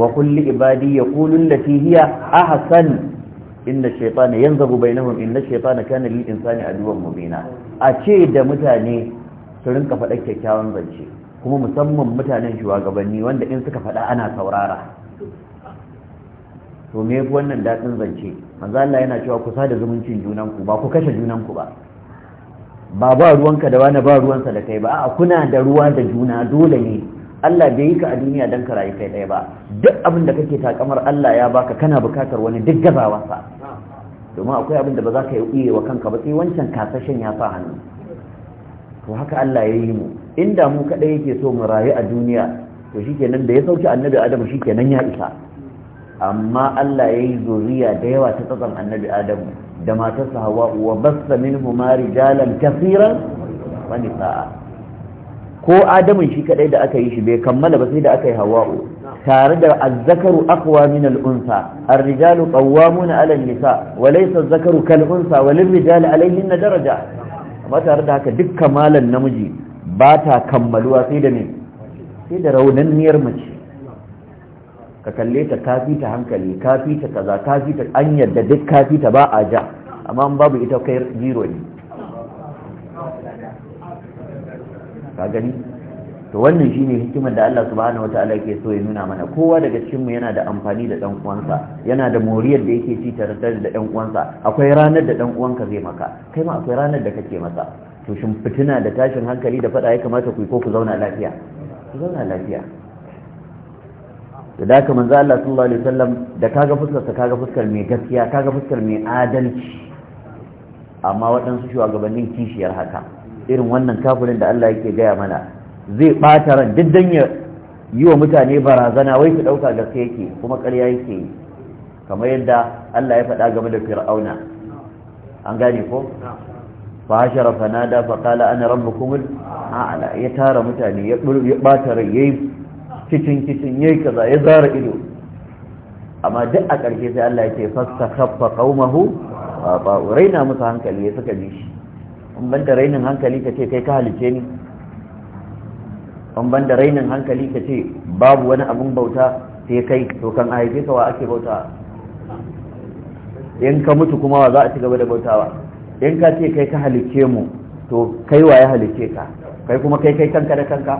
wa qul li ibadi yaqulu allati hiya ahsan inna shaytana yanzabu bainahum inna shaytana kana lil insani aduwwan mubina a ce da mutane su rinka faɗa kyakkyawan zance kuma musamman mutanen shugabanni wanda in suka faɗa ana saurara to me yafi wannan daɗin zance manzo Allah yana cewa ku sada zumuncin junan ku ba ku kashe junan ku ba ba ba ruwanka da wani ba ruwansa da kai ba a kuna da ruwa da juna dole ne Allah bai yi ka a duniya don ka rayu kai ɗaya ba duk abin da kake takamar Allah ya baka kana bukatar wani duk sa domin akwai abin da ba za ka yi wa kanka ba sai wancan kasashen ya sa hannu to haka Allah ya yi mu inda mu kaɗai yake so mu rayu a duniya to shikenan da ya sauke annabi Adamu shikenan ya isa amma Allah ya yi zuriya da yawa ta tsatsan annabi adamu da matarsa hawa wa bassa min humari jalan kafiran wani sa'a ko adamun shi kadai da aka yi shi bai kammala ba sai da aka yi hawa'u tare da azzakaru akwa min al'unsa arrijalu qawwamuna 'ala nisa wa laysa azzakaru kal unsa wa lirrijali 'alayhin daraja amma tare da haka dukkan malan namiji ba ta kammaluwa sai da ne sai da raunanniyar mace ka kalle ta kafi ta hankali kafi ta kaza kafi ta an yadda duk kafi ta ba a ja amma babu ita kai zero ne ka gani to wannan shine hikimar da Allah subhanahu wataala yake so ya nuna mana kowa daga cikin mu yana da amfani da dan uwansa yana da moriyar da yake ci tare da dan uwansa akwai ranar da dan uwanka zai maka kai ma akwai ranar da kake masa to shin fitina da tashin hankali da fada ya kamata ku ko ku zauna lafiya ku zauna lafiya to da haka manzo Allah sallallahu alaihi wasallam da kaga fuskar sa kaga fuskar mai gaskiya kaga fuskar mai adalci amma waɗansu shugabannin kishiyar haka irin wannan kafirin da Allah yake gaya mana zai ɓata ran diddan ya yi wa mutane barazana wai su ɗauka gaske yake kuma ƙarya yake yi kamar yadda Allah ya faɗa game da fir'auna an gane ko fa hashara fanada fa ana rabbukum a'la ya tara mutane ya ɓata rai kicin kicin yayi kaza ya zara ido amma duk a ƙarshe sai Allah yake fasta khaffa qaumahu ba raina musu hankali suka ji shi in banda rainin hankali ka ce kai ka halice ni in banda rainin hankali ka ce babu wani abun bauta sai kai to kan a haife ka wa ake bauta in ka mutu kuma wa za a ci gaba da bautawa in ka ce kai ka halice mu to kai wa ya halice ka kai kuma kai kai kanka da kanka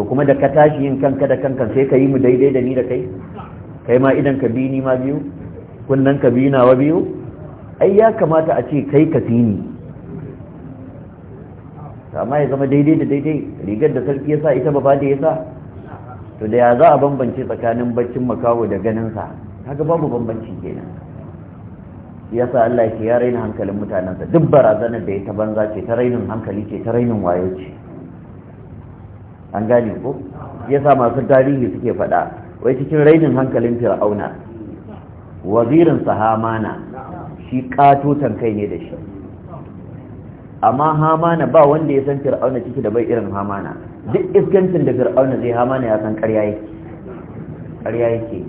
to kuma da ka tashi yin kanka da kankan sai ka yi mu daidai da ni da kai kai ma idan ka bi ni ma biyu kunnan ka bi nawa biyu ai ya kamata a ce kai ka fi ni amma ya zama daidai da daidai rigar da sarki ya sa ita ba da ya sa to da ya za a bambance tsakanin baccin makawo da ganinsa haka babu bambanci kenan ya sa Allah ya raina hankalin mutanensa duk barazanar da ya ta banza ce ta rainin hankali ce ta rainin wayo ce an gane ko yasa masu tarihi suke fada wai cikin rainin hankalin fir'auna wazirin sahamana shi katotan kai ne da shi amma hamana ba wanda ya san fir'auna ciki da bai irin hamana duk iskancin da fir'auna zai hamana ya san karya yake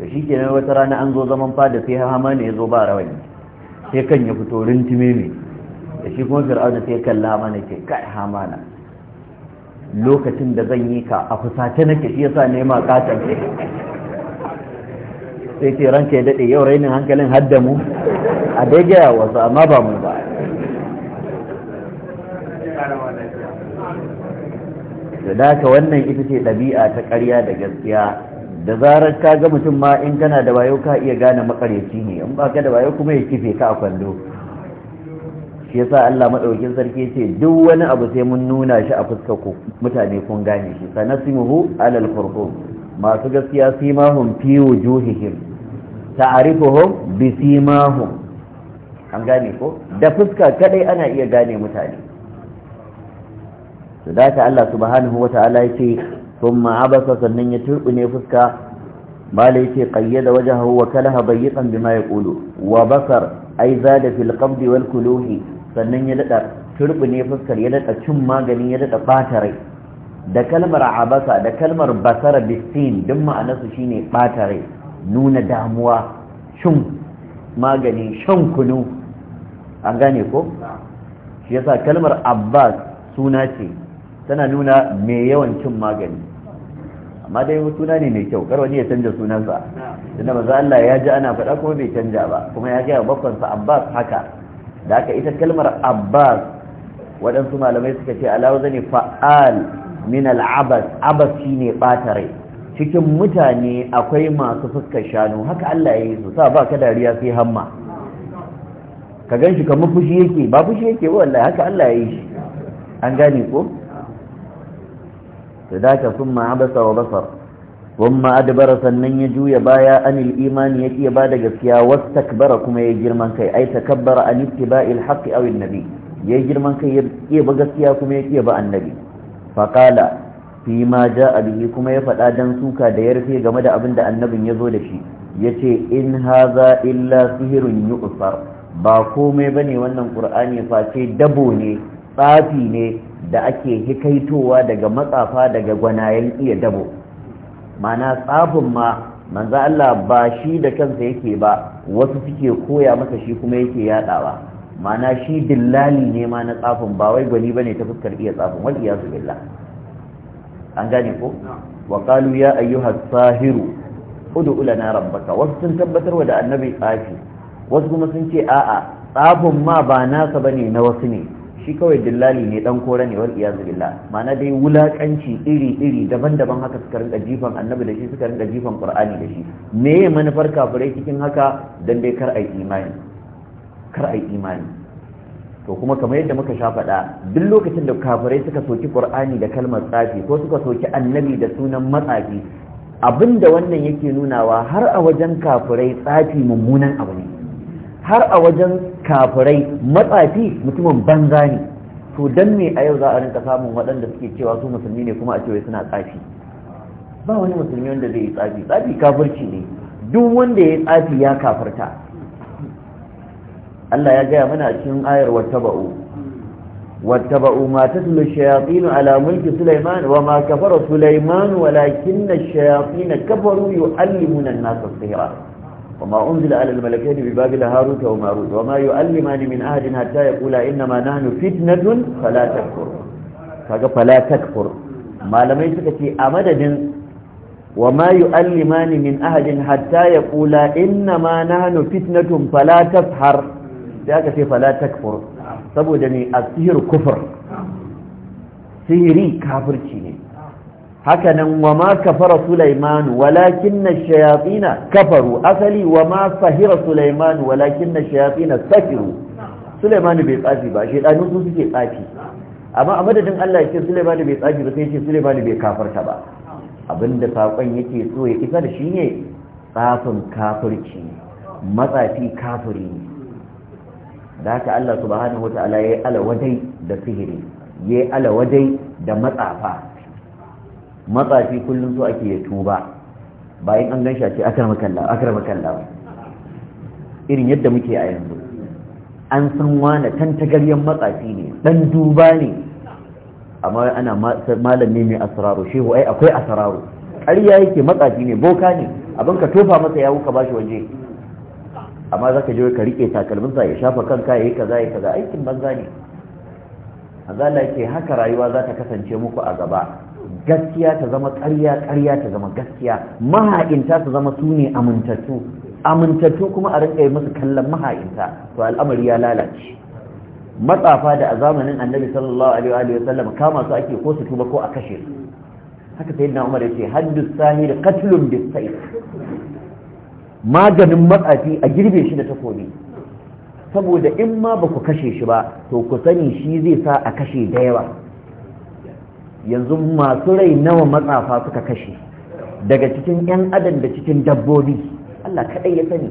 da shi kenan wata rana an zo zaman fada sai hamana ya zo ba rawani sai kan ya fito rintume mai da shi kuma fir'auna sai kalla hamana ke kai hamana lokacin da zan yi ka a fusace nake shi yasa nema katon ke sai ce ranka ya daɗe yau rainin hankalin hadda mu a daidai wasu amma ba mu ba da daga wannan ita ce ɗabi'a ta ƙarya da gaskiya da zarar ka ga mutum ma in kana da wayo ka iya gane makaryaci ne in ba ka da wayo kuma ya kife ka a kwando shi yasa Allah madaukakin sarki ce duk wani abu sai mun nuna shi a fuskar ku mutane kun gane shi sanasimuhu alal qurqum masu gaskiya simahum fi wujuhihim ta'rifuhum bi simahum an gane ko da fuska kadai ana iya gane mutane to Allah subhanahu wata'ala yace thumma abasa sannan ya turbine fuska mala yace qayyada wajhahu wa kalaha bayyitan bima yaqulu wa basar ay zada fil qabdi wal kuluhi sannan ya daɗa turbi ne fuskar ya daɗa cin magani ya daɗa ɓata rai da kalmar abasa da kalmar basara bistin duk ma'anarsu shine ɓata rai nuna damuwa cin magani shan kunu an gane ko shi yasa kalmar abbas suna ce tana nuna mai yawan cin magani amma dai suna ne mai kyau kar ne ya canja sunansa tunda maza Allah ya ji ana faɗa kuma bai canja ba kuma ya gaya bakwansa abbas haka da aka ita kalmar abbas waɗansu malamai suka ce alawa zane fa'al min al'abas abas shi ne ɓata cikin mutane akwai masu fuskar shanu haka allah ya yi su sa ba ka dariya sai hamma ka gan shi kama fushi yake ba fushi yake ba wallahi haka allah ya yi shi an gane ko su da ka sun ma abasa wa basar thumma adbara sannan ya juya baya anil imani yake ba da gaskiya wastakbara kuma ya girman kai ai takabbara an ittiba'il haqqi aw annabi ya girman kai ya ba gaskiya kuma ya ba annabi faqala fi ma ja'a bihi kuma ya faɗa dan suka da yarfe game da abin da annabin ya zo da shi yace in haza illa sihirun yu'sar ba komai bane wannan qur'ani face dabo ne tsafi ne da ake hikaitowa daga matsafa daga gwanayen iya dabo mana tsafin ma manzo Allah ba shi da kansa yake ba wasu suke koya masa shi kuma yake yadawa mana shi dillali ne ma na tsafin ba wai gwani bane ta fuskar iya tsafin wal iyazu billah an gane ko wa qalu ya ayyuha sahiru ud'u lana rabbaka wasu sun tabbatar da annabi tsafi wasu kuma sun ce a'a tsafin ma ba nasa bane na wasu ne shi kawai dillali ne dan kore ne wal iyaz billah ma'ana dai wulakanci iri iri daban-daban haka suka rinka jifan annabi da shi suka rinka jifan qur'ani da shi me ya manufar kafirai cikin haka dan dai kar ai imani kar ai imani to kuma kamar yadda muka sha faɗa duk lokacin da kafirai suka soki qur'ani da kalmar tsafi ko suka soki annabi da sunan matsafi abinda wannan yake nunawa har a wajen kafirai tsafi mummunan abu ne har a wajen kafirai matsafi mutumin banza ne to dan me a yau za a rinka samun waɗanda suke cewa su musulmi ne kuma a cewa suna tsafi ba wani musulmi wanda zai yi tsafi tsafi kafirci ne duk wanda ya yi tsafi ya kafirta Allah ya gaya mana cikin ayar wattaba'u wattaba'u ma tatlu shayatin ala mulki Sulaiman wa ma kafara Sulaiman na shayatin kafaru yu'allimuna an-nasa sihra وما أنزل على الملكين ببابل هاروت وماروت وما يعلمان من أحد حتى يقول إنما نحن فتنة فلا تكفر kaga fala takfur malamai suka ke a madadin wa ma yu'allimani min ahadin hatta yaqula inna ma nahnu fitnatun fala tafhar da aka ce fala takfur saboda kufur sihiri kafirci ne hakanan wa ma kafara Sulaiman walakinna shayatina kafaru asali wa ma sahira Sulaiman walakinna shayatina sakiru Sulaiman bai tsafi ba shedanu su suke tsafi amma a madadin Allah ce Sulaiman bai tsafi ba sai ce Sulaiman bai kafarta ba abinda sakon yake so ya isa da shi ne tsafin kafirci matsafi kafiri da haka Allah subhanahu wataala yayi alawadai da sihiri yayi alawadai da matsafa matsafi kullum so ake ya tuba bayan an gan shace akarmakalla akarmakalla irin yadda muke a yanzu an san wane tantagaryen matsafi ne dan duba ne amma ana ne mai asararu shehu ai akwai asararu ƙarya yake matsafi ne boka ne abin ka tofa masa ya wuka bashi waje amma za ka je ka rike takalminsa ya shafa kanka ya yi kaza ya kaza aikin banza ne azala ke haka rayuwa za ta kasance muku a gaba gaskiya ta zama ƙarya ƙarya ta zama gaskiya maha'inta su zama su ne amintattu amintattu kuma a rinka yi musu kallon maha'inta to al'amari ya lalace matsafa da a zamanin annabi sallallahu alaihi wa sallam kama su ake ko su tuba ko a kashe su haka na umar yace haddus sahir qatlun bis maganin matsafi a girbe shi da takobi saboda in ma ba ku kashe shi ba to ku sani shi zai sa a kashe da yawa yanzu masu rai nawa matsafa suka kashe daga cikin 'yan adam da cikin dabbobi Allah kadai ya sani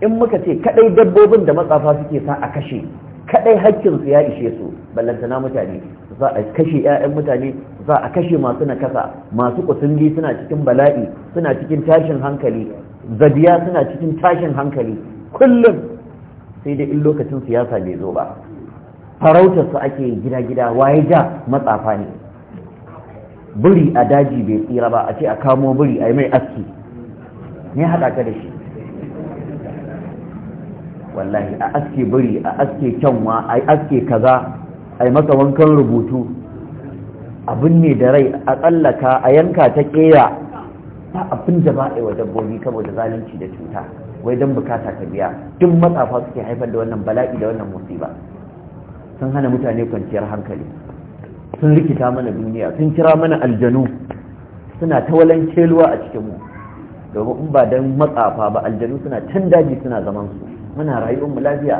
in muka ce kadai dabbobin da matsafa suke sa a kashe kadai su ya ishe su ballantana mutane za a kashe 'ya'yan mutane za a kashe masu nakasa masu kusulli suna cikin bala'i suna cikin tashin hankali zabiya suna cikin tashin hankali kullum sai dai in lokacin siyasa bai zo ba farautarsu ake gida-gida waye ja matsafa ne buri a daji bai tsira ba a ce a kamo buri a yi mai aski ne haɗa ka da shi wallahi a aske buri a aske kyanwa a aske kaza a yi masa wankan rubutu abin ne da rai a tsallaka a yanka ta ƙeya ta abin da ba a wa dabbobi zalunci da cuta wai don bukata ka biya duk matsafa suke haifar da wannan bala'i da wannan musiba sun hana mutane kwanciyar hankali sun rikita mana duniya sun kira mana aljanu suna ta walance luwa a cikin mu domin in ba dan matsafa ba aljanu suna can daji suna zaman su muna rayuwar mu lafiya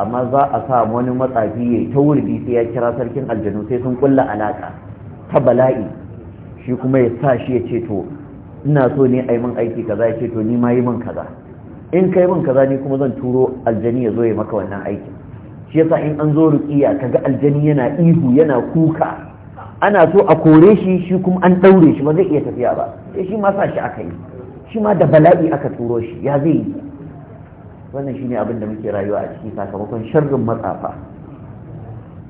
amma za a sa wani matsafi ya ta wurbi sai ya kira sarkin aljanu sai sun kulla alaka ta bala'i shi kuma ya sa shi ya ce to ina so ne a yi min aiki kaza ya ce to ni ma yi min kaza in kai min kaza ni kuma zan turo aljani ya zo ya maka wannan aikin shi yasa in an zo ruqiya kaga aljani yana ihu yana kuka ana so a kore shi shi kuma an daure shi ba zai iya tafiya ba sai eh, shi ma sa shi aka yi shi ma da bala'i aka turo shi ya zai yi wannan shine abin da muke rayuwa a ciki sakamakon sharrin matsafa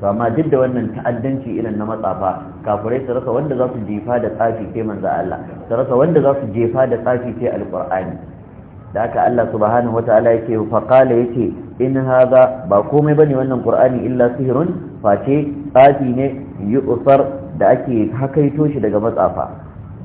to amma duk da wannan ta'addanci irin na matsafa kafirai su rasa wanda za su jefa da tsafi sai manzo Allah su rasa wanda za su jefa da tsafi sai alqur'ani da haka Allah subhanahu wataala yake fa qala yake in haza ba komai bane wannan qur'ani illa sihirun face tsafi ne yu'sar da ake hakaito shi daga matsafa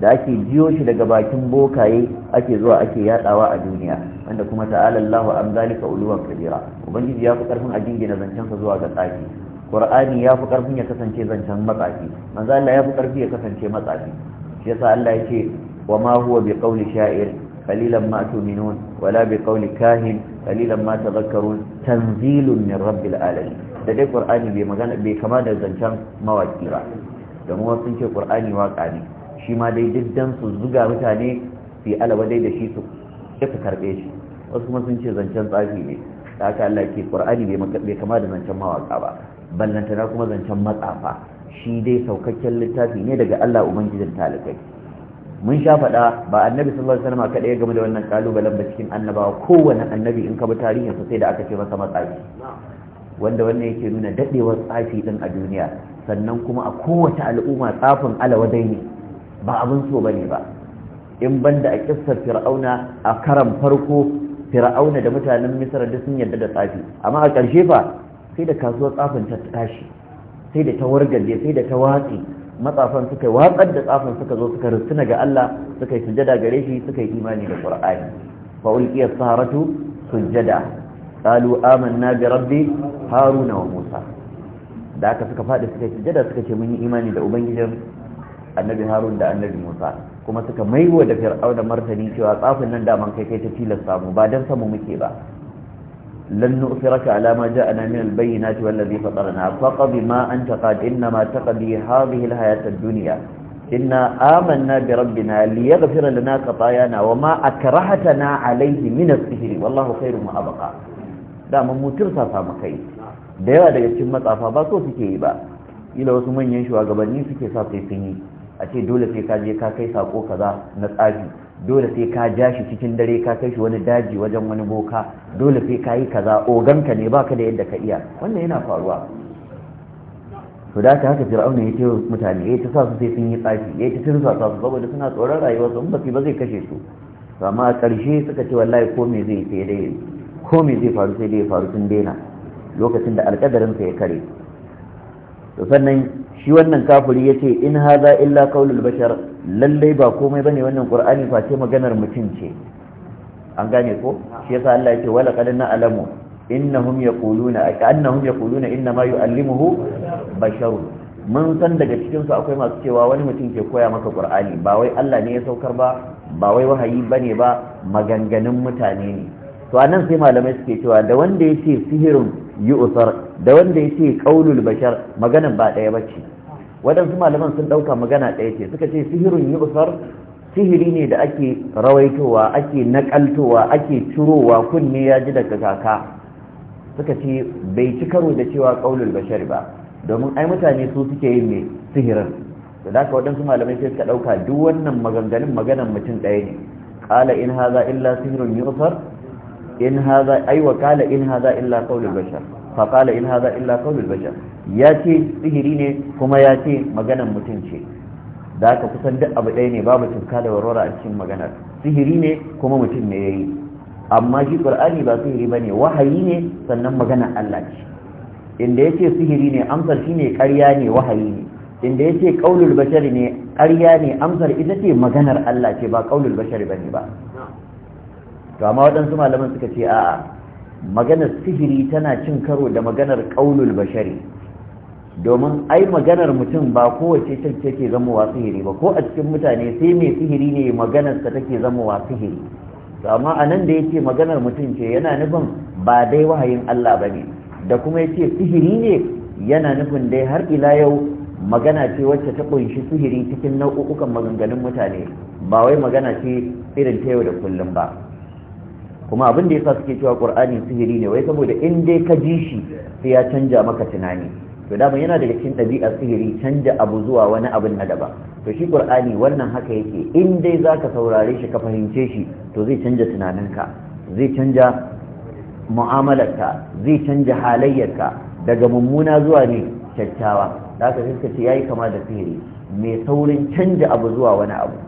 da ake jiyo shi daga bakin bokaye ake zuwa ake yadawa a duniya wanda kuma ta'ala Allahu an zalika uluwan kabira ubangiji ya fi karfin a jingina zancen sa zuwa ga tsafi qur'ani ya fi karfin ya kasance zancen matsafi manzo Allah ya fi karfi ya kasance matsafi shi yasa Allah yake wa ma huwa biqawli sha'ir qalilan ma tu'minun wala biqawli kahin qalilan ma tadhakkarun tanzilun min rabbil alamin da dai qur'ani bai magana bai kama da zancen mawaki ba da mu sun ce qur'ani waka ne shi ma dai diddan su zuga mutane fi alaba dai da shi su ka karbe shi wasu kuma sun ce zancen tsafi ne da haka Allah ke qur'ani bai kama da zancen mawaka ba ballantana kuma zancen matsafa shi dai saukakken littafi ne daga Allah ubangijin talibai mun sha faɗa ba annabi sallallahu alaihi wasallam kaɗai ya game da wannan kalubalen ba cikin annabawa kowane annabi in ka bi tarihin sai da aka ce masa matsafi wanda wannan yake nuna daɗewar tsafi din a duniya sannan kuma a kowace al'umma tsafin alawadai ne ba abin so bane ba in banda a kissar fir'auna a karan farko fir'auna da mutanen misra duk sun yarda da tsafi amma a ƙarshe fa sai da kasuwar tsafin ta tashi sai da ta wargaje sai da ta watsi matsafan suka yi watsar da tsafin suka zo suka rusuna ga Allah suka yi sujada gare shi suka yi imani da Qur'ani fa ulqiya saharatu sujada qalu amanna bi rabbi haruna wa musa da aka suka fadi suka yi sujada suka ce mun yi imani da ubangijin annabi harun da annabi musa kuma suka maiwa da fir'auna martani cewa tsafin nan da man kai kai ta tilasta mu ba dan samu muke ba لن نؤثرك على ما جاءنا من البينات والذي فطرنا فقضي ما أنت قاد إنما تقضي هذه الحياة الدنيا إنا آمنا بربنا ليغفر لنا خطايانا وما أكرهتنا عليه من السهر والله خير ما أبقى da mun mutirsa samu kai da yawa daga cikin matsafa ba so suke yi ba ila wasu manyan shugabanni suke sa sai sun yi a ce dole sai ka je ka kai sako kaza na tsafi dole sai ka ja shi cikin dare ka kai shi wani daji wajen wani boka dole sai ka yi kaza oganka ne baka da yadda ka iya wannan yana faruwa to da ta haka fir'auna ya ce mutane ya ta sa su sai sun yi tsafi ya ta sun sa su saboda suna tsoron rayuwa su ba ba zai kashe su to amma a ƙarshe suka ce wallahi ko me zai sai dai ko me zai faru sai dai faru sun daina lokacin da alƙadarin sa ya kare to sannan shi wannan kafiri ya ce in haza illa kaulul bashar lallai ba komai bane wannan qur'ani face maganar mutum ce an gane ko shi yasa Allah yake wala qad na'lamu innahum yaquluna annahum yaquluna inna ma yu'allimuhu bashar mun san daga cikin su akwai masu cewa wani mutum ke koya maka qur'ani ba wai Allah ne ya saukar ba ba wai wahayi bane ba maganganun mutane ne to anan sai malamai suke cewa da wanda ya ce sihirin yi usar da wanda ya ce kaulul bashar maganan ba ɗaya bace waɗansu malaman sun ɗauka magana ɗaya ce suka ce sihirin yi usar sihiri ne da ake rawaitowa ake naƙaltowa ake cirowa kunne ya ji daga kaka suka ce bai ci karo da cewa kaulul bashar ba domin ai mutane su suke yin mai sihirin da haka waɗansu malamai sai suka ɗauka duk wannan maganganun maganan mutum ɗaya ne ƙala in haza illa sihirin usar? in haza ai kala in haza illa qaulul bashar fa in haza illa qaulul bashar ya ce sihiri ne kuma ya ce maganan mutum ce da aka kusan duk abu ɗaya ne babu tunka da warwara a cikin maganar sihiri ne kuma mutum ne yayi amma shi qur'ani ba sihiri bane wahayi ne sannan maganar Allah ce inda yace sihiri ne amsar shine ƙarya ne wahayi ne inda yace qaulul bashari ne ƙarya ne amsar ita ce maganar Allah ce ba qaulul bashar bane ba to amma waɗansu malaman suka ce a'a maganar sihiri tana cin karo da maganar ƙaunul bashari domin ai maganar mutum ba kowace ce take zamowa sihiri ba ko a cikin mutane sai mai sihiri ne maganar ta take zamowa sihiri to amma a nan da yake maganar mutum ce yana nufin ba dai wahayin Allah ba ne da kuma yace sihiri ne yana nufin dai har ila yau magana ce wacce ta kunshi sihiri cikin nau'ukan maganganun mutane ba wai magana ce irin ta yau da kullum ba kuma abin da yasa suke cewa qur'ani sihiri ne wai saboda in dai ka ji shi sai ya canja maka tunani to dama yana daga cikin dabi'a sihiri canja abu zuwa wani abin na daba to shi qur'ani wannan haka yake in dai zaka saurare shi ka fahimce shi to zai canja tunaninka zai canja mu'amalarka zai canja halayyarka daga mummuna zuwa ne kyakkyawa da haka sai ce yayi kama da sihiri mai saurin canja abu zuwa wani abu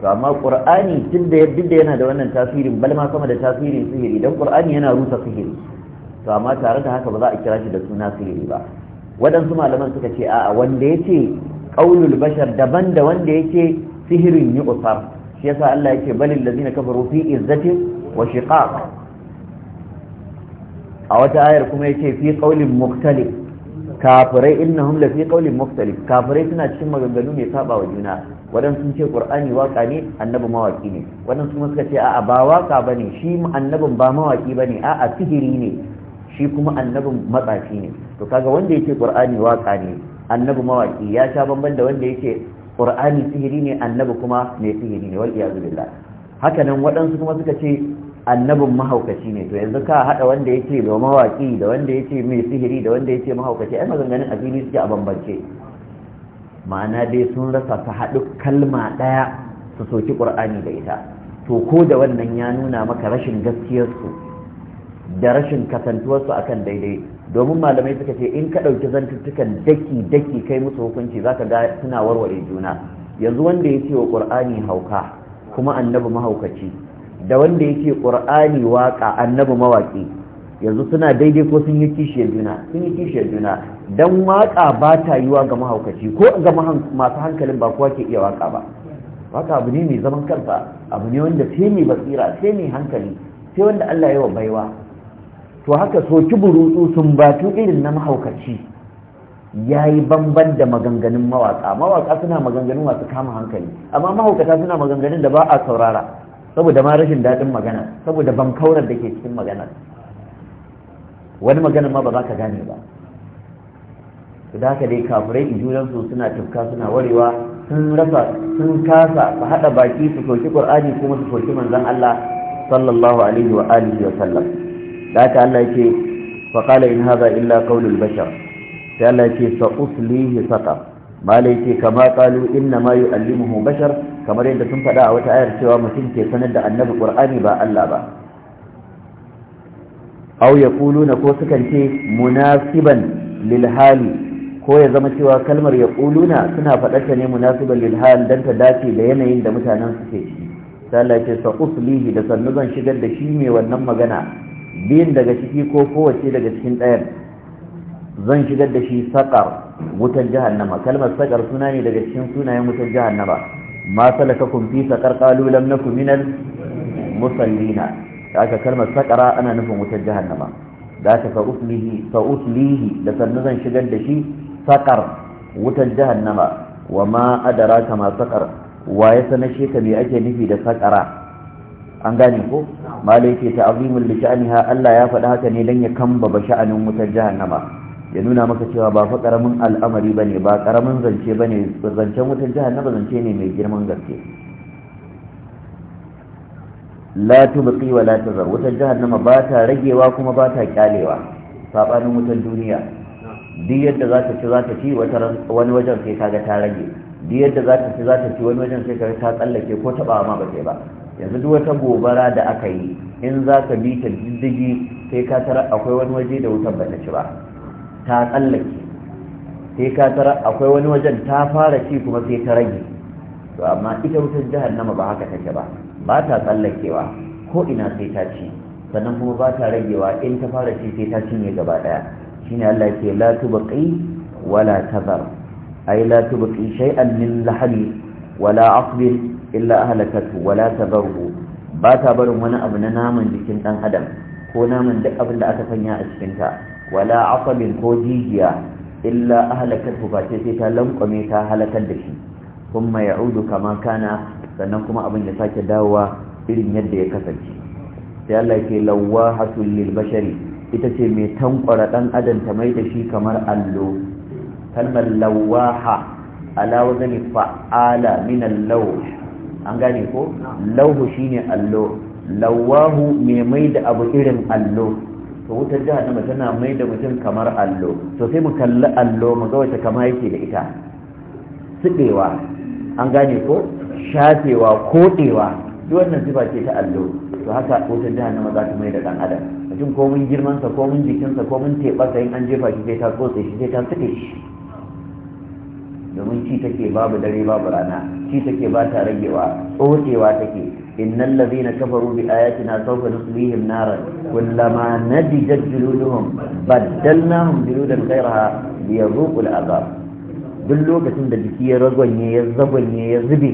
to amma qur'ani tun da yadda yana da wannan tasirin balma ma da tasirin sihiri dan qur'ani yana rusa sihiri to amma tare da haka ba za a kira shi da suna sihiri ba waɗansu malaman suka ce a'a wanda yace qaulul bashar daban da wanda yace sihirin yuqsar shi yasa Allah yake balil ladina kafaru fi izzatin wa shiqaq a wata ayar kuma yace fi qaulin mukhtalif kafirai innahum la fi qaulin mukhtalif kafirai suna cikin maganganu mai saba wa juna wadan sun ce qur'ani waka ne annabi mawaƙi ne wadan kuma suka ce a'a ba waka bane shi annabin ba mawaƙi bane a'a sihiri ne shi kuma annabin matsafi ne to kaga wanda yake qur'ani waka ne annabi mawaƙi ya sha bamban da wanda yake qur'ani sihiri ne annabi kuma mai sihiri ne wal iyazu billah haka nan waɗansu kuma suka ce annabin mahaukaci ne to yanzu ka haɗa wanda yake da mawaƙi da wanda yake mai sihiri da wanda yake mahaukaci ai maganganun asiri suke a bambance ma'ana dai sun rasa su haɗu kalma ɗaya su soki ƙur'ani da ita to ko da wannan ya nuna maka rashin gaskiyarsu da rashin kasantuwarsu akan daidai domin malamai suka ce in ka ɗauki zantuttukan daki daki kai musu hukunci za ka ga suna warware juna yanzu wanda ya ce wa ƙur'ani hauka kuma annabi mahaukaci da wanda ya ce ƙur'ani waƙa annabi mawaƙi yanzu suna daidai ko sun yi kishiyar juna sun yi kishiyar juna dan waka ba ta yiwa ga mahaukaci ko ga masu hankalin ba kowa ke iya waka ba waka abu ne mai zaman kansa abu ne wanda sai mai basira sai mai hankali sai wanda Allah yawa wa baiwa to haka soki burutsu sun batu irin na mahaukaci ya yi bamban da maganganun mawaka mawaka suna maganganun masu kama hankali amma mahaukata suna maganganun da ba a saurara saboda ma rashin daɗin magana saboda ban bankaurar da ke cikin magana wani maganar ma ba za ka gane ba su da haka dai kafirai junansu suna tufka suna warewa sun rasa sun kasa su haɗa baki su soki ƙur'ani kuma su soki manzan Allah sallallahu alaihi wa alihi wa sallam da haka Allah yake fa qala in hadha illa qawlul bashar sai Allah yake sa uslihi saqaf malai yake kama qalu inna ma yu'allimuhu bashar kamar yadda sun faɗa a wata ayar cewa mutum ke sanar da annabi ƙur'ani ba Allah ba aw yaquluna ko sukan ce munasiban lil ko ya zama cewa kalmar yaquluna suna faɗarta ne munasiban lil don dan ta dace da yanayin da mutanen su ke sai Allah ya ce sa uslihi da sannu zan shigar da shi mai wannan magana biyin daga ciki ko kowace daga cikin ɗayan zan shigar da shi saƙar wutar jahannama kalmar saƙar suna ne daga cikin sunayen wutan jahannama ma salaka kun fi saƙar ƙalulan na kuminan musallina da aka kalmar sakara ana nufin wutar jahannama da aka fa'uslihi da sannu zan shigar da shi sakar wutar jahannama wa ma adara kama sakar wa ya sanashe ka me ake nufi da sakara an gane ko malai ke ta'azimul li sha'niha Allah ya faɗa haka ne dan ya kambaba sha'anin wutar jahannama ya nuna maka cewa ba fa karamin al'amari bane ba karamin zance bane zancen wutar jahannama zance ne mai girman gaske la tubqi wa la tazar wutar jahannama ba ta ragewa kuma ba ta kyalewa sabanin wutar duniya duk yadda za ta ci za ta ci wani wajen sai kaga ta rage duk yadda za ta ci za ta ci wani wajen sai kaga ta tsallake ko ta ma ba sai ba yanzu duk wata gobara da aka yi in za ka bi ta diddigi sai ka tara akwai wani waje da wutar ba ta ci ba ta tsallake sai ka tara akwai wani wajen ta fara ci kuma sai ta rage to amma ita wutar jahannama ba haka take ba ba ta tsallakewa ko ina sai ta ci sannan kuma ba ta ragewa in ta fara ci sai ta cinye gaba daya shine Allah ke la tubqi wala tazar ay la tubqi shay'an min lahmi wala aqbil illa ahlakatu wala tazarhu ba ta barin wani abu na naman jikin dan adam ko naman duk abin da aka sanya a cikin ta wala aqbil ko jijiya illa ahlakatu ba sai ta lankwame ta halakar da shi kuma ya'udu kama kana sannan kuma abin ya sake dawowa irin yadda ya kasance sai Allah yake lawahatul lil bashari ita ce mai tankwara dan adam ta mai da shi kamar allo kalmar lawaha ala wazani fa'ala min al an gane ko lawhu shine allo lawahu mai mai da abu irin allo to wutar jahannama tana mai da mutum kamar allo to sai mu kalli allo mu ga wace kama yake da ita siɗewa an gane ko shafewa koɗewa duk wannan zuba ce ta allo to haka jihar na maza ta mai da ɗan adam mutum ko mun girmansa ko mun jikinsa ko mun teɓarsa in an jefa shi sai ta tsotse shi sai ta tsike shi domin ci take babu dare babu rana ci take ba ta ragewa tsotsewa take innal ladhina kafaru bi ayatina sawfa nuslihim naran kullama nadijat juluduhum baddalnahum juludan ghayraha liyazuqu al'adab duk lokacin da jiki ya ragwanye ya zagwanye ya zube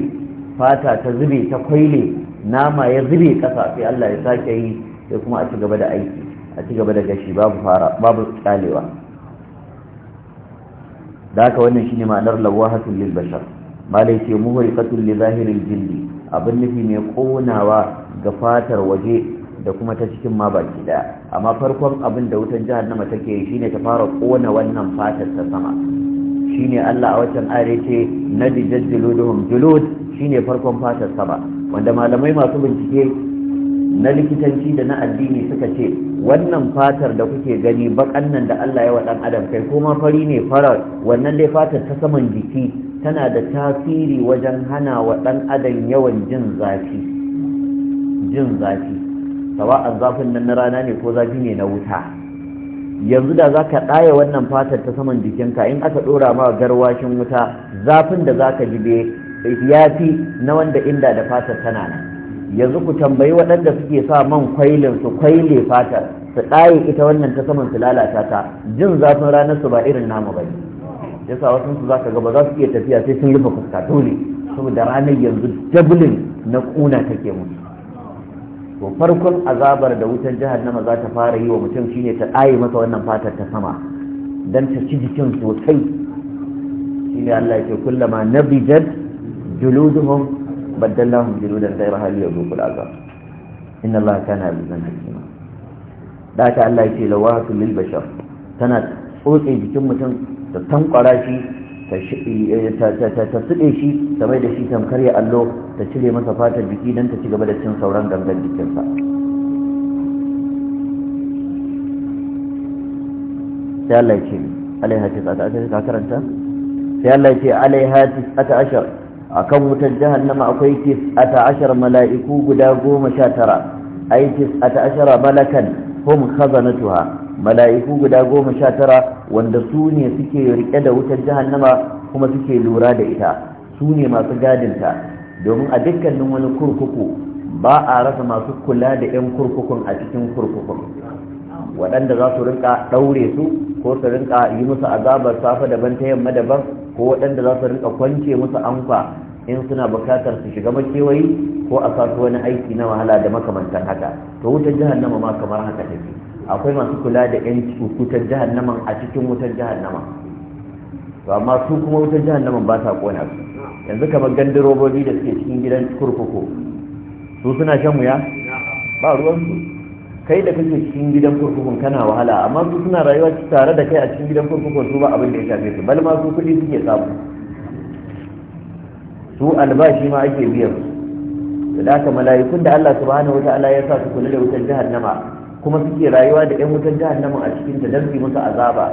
fata ta zube ta kwaile nama ya zube kasa sai Allah ya sake yi sai kuma a ci gaba da aiki a ci gaba da gashi babu fara babu kalewa da haka wannan shine ma'anar lawahatul lil bashar malai ce muhriqatul li zahiril jilli abin nufi mai konawa ga fatar waje da kuma ta cikin ma baki daya amma farkon abin da wutan jahannama take yi shine ta fara kona wannan fatar ta sama ne Allah a watan na yake nadijat juluduhum shi shine farkon fatar sama wanda malamai masu bincike na likitanci da na addini suka ce wannan fatar da kuke gani bakan nan da Allah ya wa adam kai kuma fari ne farar wannan dai fatar ta saman jiki tana da tasiri wajen hana wa dan adam yawan jin zafi jin zafi sawa'an zafin nan na rana ne ko zafi ne na wuta yanzu da za ka ɗaya wannan fatar ta saman jikinka in aka ɗora ma garwashin wuta zafin da za ka ji ya fi na wanda inda da fatar tana nan yanzu ku tambayi waɗanda suke sa man kwailin su kwaile fatar su ɗaya ita wannan ta saman su lalata ta jin zafin ranar su ba irin namu ba yasa wasu su za ka ga ba za su iya tafiya sai sun rufe fuska dole saboda ranar yanzu dablin na ƙuna take mutu. to farkon azabar da wutar jahannama za ta fara yi wa mutum shine ta ɗaye masa wannan fatar ta sama dan ta ci jikin sosai shine Allah yake kullama nabijat juluduhum baddallahum juludan ghayraha liyadhuqul azab inna Allah kana azizan hakima da ta Allah yake lawatu lil bashar tana tsotse jikin mutum ta tankwara shi ta eh, tsiɗe shi ta mai da shi tamkar ya allo ta cire masa fatar jiki don ta ci gaba da cin sauran gangan jikinsa sai Allah ya ce alaiha tis'ata ashar ka karanta sai Allah ya ce alaiha tis'ata ashar akan wutar jahannama akwai tis'ata ashar mala'iku guda goma sha tara ai tis'ata ashara malakan hum khazanatuha mala'iku guda goma sha tara wanda su ne suke riƙe da wutar jahannama kuma suke lura da ita su ne masu gadinta domin a dukkanin wani kurkuku ba a rasa masu kula da 'yan kurkukun a cikin kurkukun waɗanda za su rinka ɗaure su ko su rinka yi musu azabar safe daban ta yamma daban ko waɗanda za su rinka kwance musu anfa in suna bukatar su shiga makewayi ko a sasu wani aiki na wahala da makamantar haka to wutar nama ma kamar haka take akwai masu kula da yan wutar jahannaman a cikin wutar jahannama to amma su kuma wutar jahannaman ba sa kona su yanzu kamar robobi da suke cikin gidan kurkuku su suna shan wuya ba ruwansu kai da kake cikin gidan kurkukun kana wahala amma su suna rayuwa tare da kai a cikin gidan kurkukun su ba abin da ya shafe su bal ma su kuɗi suke samu su albashi ma ake biyan su da haka mala'ikun da Allah subhanahu wata'ala ya sa su kula da wutar jahannama kuma suke rayuwa da yan wutar jahannamin a cikin ta dan musu azaba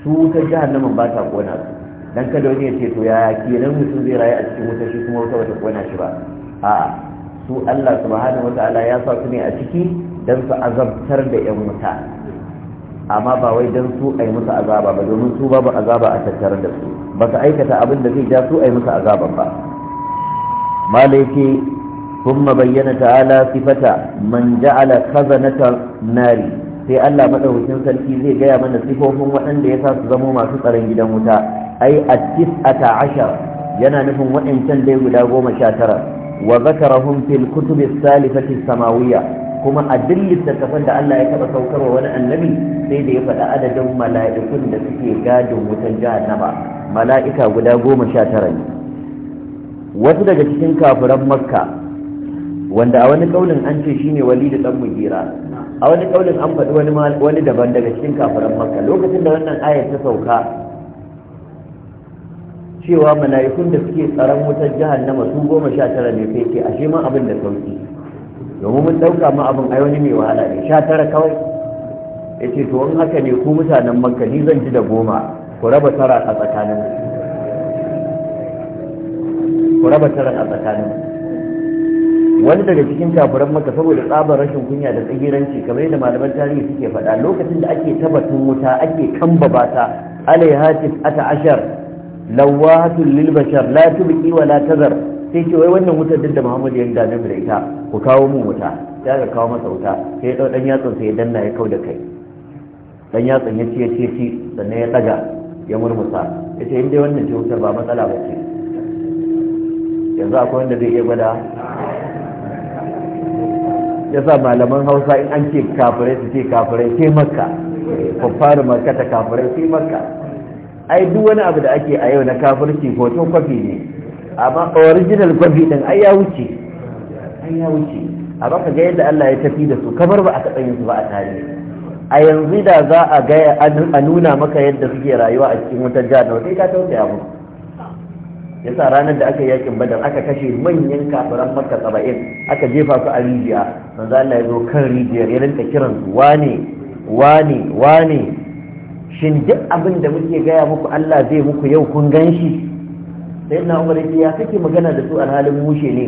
su wutar jahannamin ba ta kona su dan kada wani ya ce to ya yaya kenan mutum zai rayu a cikin wuta shi kuma wuta bata kona shi ba a su Allah subhanahu wataala ya sa su ne a ciki dan su azabtar da yan wuta amma ba wai dan su ai musu azaba ba domin su babu azaba a tattare da su ba su aikata abin da zai ja su ai musu azaba ba malai ثم بين تعالى صفة من جعل خزنة النار sai Allah madaukakin sarki zai gaya mana sifofin waɗanda ya sa su zamo masu tsaron gidan wuta ai at-tis'ata ashar yana nufin waɗancan dai guda goma sha tara wa zakarahum fil kutubi salifati samawiyya kuma a duk littattafan da Allah ya taɓa saukarwa wani annabi sai da ya faɗa adadin mala'ikun da suke gadin wutan jahannama mala'ika guda goma sha tara ne wasu daga cikin kafiran makka wanda a wani kaulin an ce shine wali da dan mugira a wani kaulin an faɗi wani wani daban daga cikin kafiran makka lokacin da wannan ayar ta sauka cewa mala'ikun da suke tsaron wutar jahannama su goma sha tara ne sai ke ashe ma abin da sauki domin mun ɗauka ma abin ai wani mai wahala ne sha tara kawai ya ce to in haka ne ku mutanen makka ni zan ji da goma ku raba tara a tsakanin ku raba tara a tsakanin wani daga cikin kafiran maka saboda tsabar rashin kunya da tsagiranci kamar yadda malaman tarihi suke faɗa lokacin da ake tabbatun wuta ake kambaba ta alaihatif ata ashar lawahatul lil bashar la tubqi wa la tazar sai ce wai wannan wutar duk da Muhammad ya gane mu da ita ku kawo mu wuta ya ga kawo masa wuta sai dau dan yatsun sai ya danna ya kau da kai dan yatsun ya ce ya ce ci sannan ya daga ya murmusa ya ce inda wannan ce wutar ba matsala ba ce yanzu akwai wanda zai iya gwada yasa malaman hausa in an ce kafirai su ce kafirai ke makka fara makka ta kafirai ke makka ai duk wani abu da ake a yau na kafirci hoton kwafi ne amma original kwafi din ai ya wuce ai ya wuce amma ka ga yadda Allah ya tafi da su kamar ba a taɓa yin su ba a tarihi a yanzu da za a ga a nuna maka yadda suke rayuwa a cikin wata jihar wata ka tausaya muku yasa ranar da aka yi yakin badar aka kashe manyan kafiran makka saba'in aka jefa su a rijiya manzo Allah ya zo kan rijiyar ya rinka kiran su wane wane wane shin duk abin da muke gaya muku Allah zai muku yau kun ganshi sai na umar ya kake magana da su alhalin mushe ne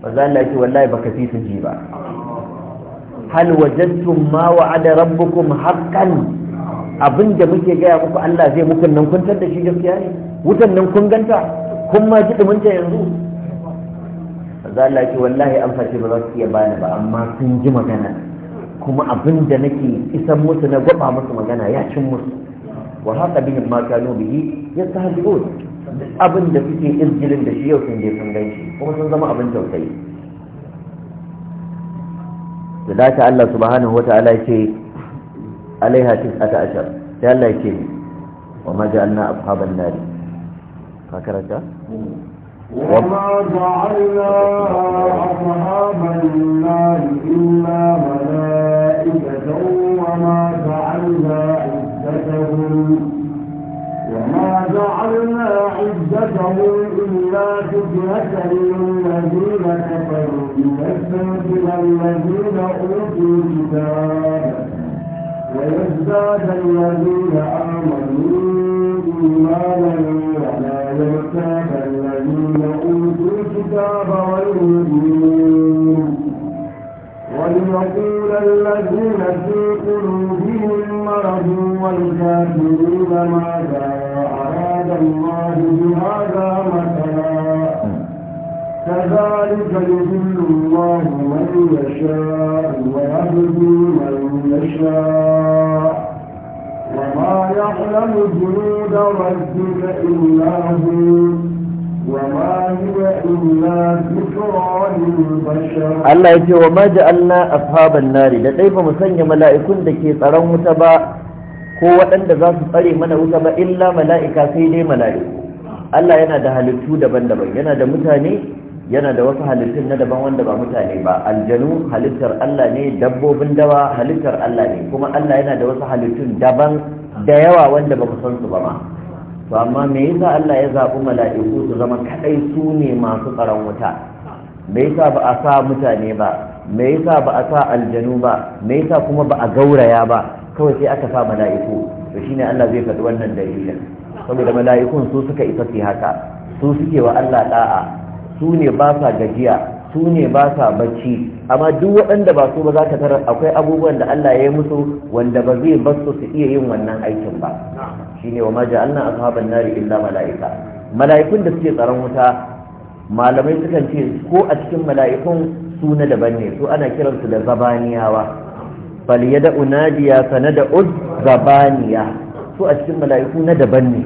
manzo Allah ya ce wallahi baka fi su ji ba hal wajadtum ma wa'ada rabbukum haqqan abin da muke gaya muku Allah zai muku nan kun da shi gaskiya ne wutan nan kun ganta kun ma ji dumin yanzu za Allah ce wallahi an fashe ba za su iya bani ba amma sun ji magana kuma abin da nake isan musu na gwaba musu magana ya cin musu wa haka bihin ma kanu bihi ya Duk abin da suke izgilin da shi yau sun je sun ganshi. kuma sun zama abin tausayi da dace Allah subhanahu wa ta'ala ce alaiha tis'ata ashar sai Allah ya ce wa ma ja'alna ashaban nari وما جعلنا أصحاب النار إلا ملائكة وما جعلنا عزتهم وما جعلنا عزتهم إلا فتنة للذين كفروا لنستنزل الذين أوتوا الكتاب ويزداد الذين آمنوا إيمانا ولا يرتاب الذين أوتوا الكتاب والمؤمنين وليقول الذين في قلوبهم مرض والكافرين ماذا أراد الله بهذا مثلا كذلك يذل الله من يشاء ويهدي من يشاء وما يعلم جنود ربك إلا هو وما هي إلا ذكرى للبشر الله يجي وما جعلنا أصحاب النار لكيف مسني ملائكون لكي ترون متبا ko waɗanda za su tsare mana wuta ba illa mala'ika sai dai mala'iku Allah yana da halittu daban-daban yana da mutane yana da wasu halittun na daban wanda ba mutane ba aljanu halittar Allah ne dabbobin dawa halittar Allah ne kuma Allah yana da wasu halittun daban da yawa wanda ba ku san su ba ma to amma me yasa Allah ya zaɓi mala'iku su zama kadai su ne masu tsaron wuta me yasa ba a sa mutane ba me yasa ba a sa aljanu ba me yasa kuma ba a gauraya ba kawai sai aka sa mala'iku to shine Allah zai faɗi wannan dalilin saboda mala'ikun su suka isa su haka su suke wa Allah da'a su ne ba sa gajiya su ne ba sa bacci amma duk waɗanda ba su ba za ka tarar akwai abubuwan da Allah ya yi musu wanda ba zai bar su su iya yin wannan aikin ba shine wa maja annan ashaban nari illa mala'ika mala'ikun da suke tsaron wuta malamai sukan ce ko a cikin mala'ikun su na daban ne su ana kiransu da zabaniyawa bal ya yada unadiya da uz zabaniya su a cikin mala'iku na daban ne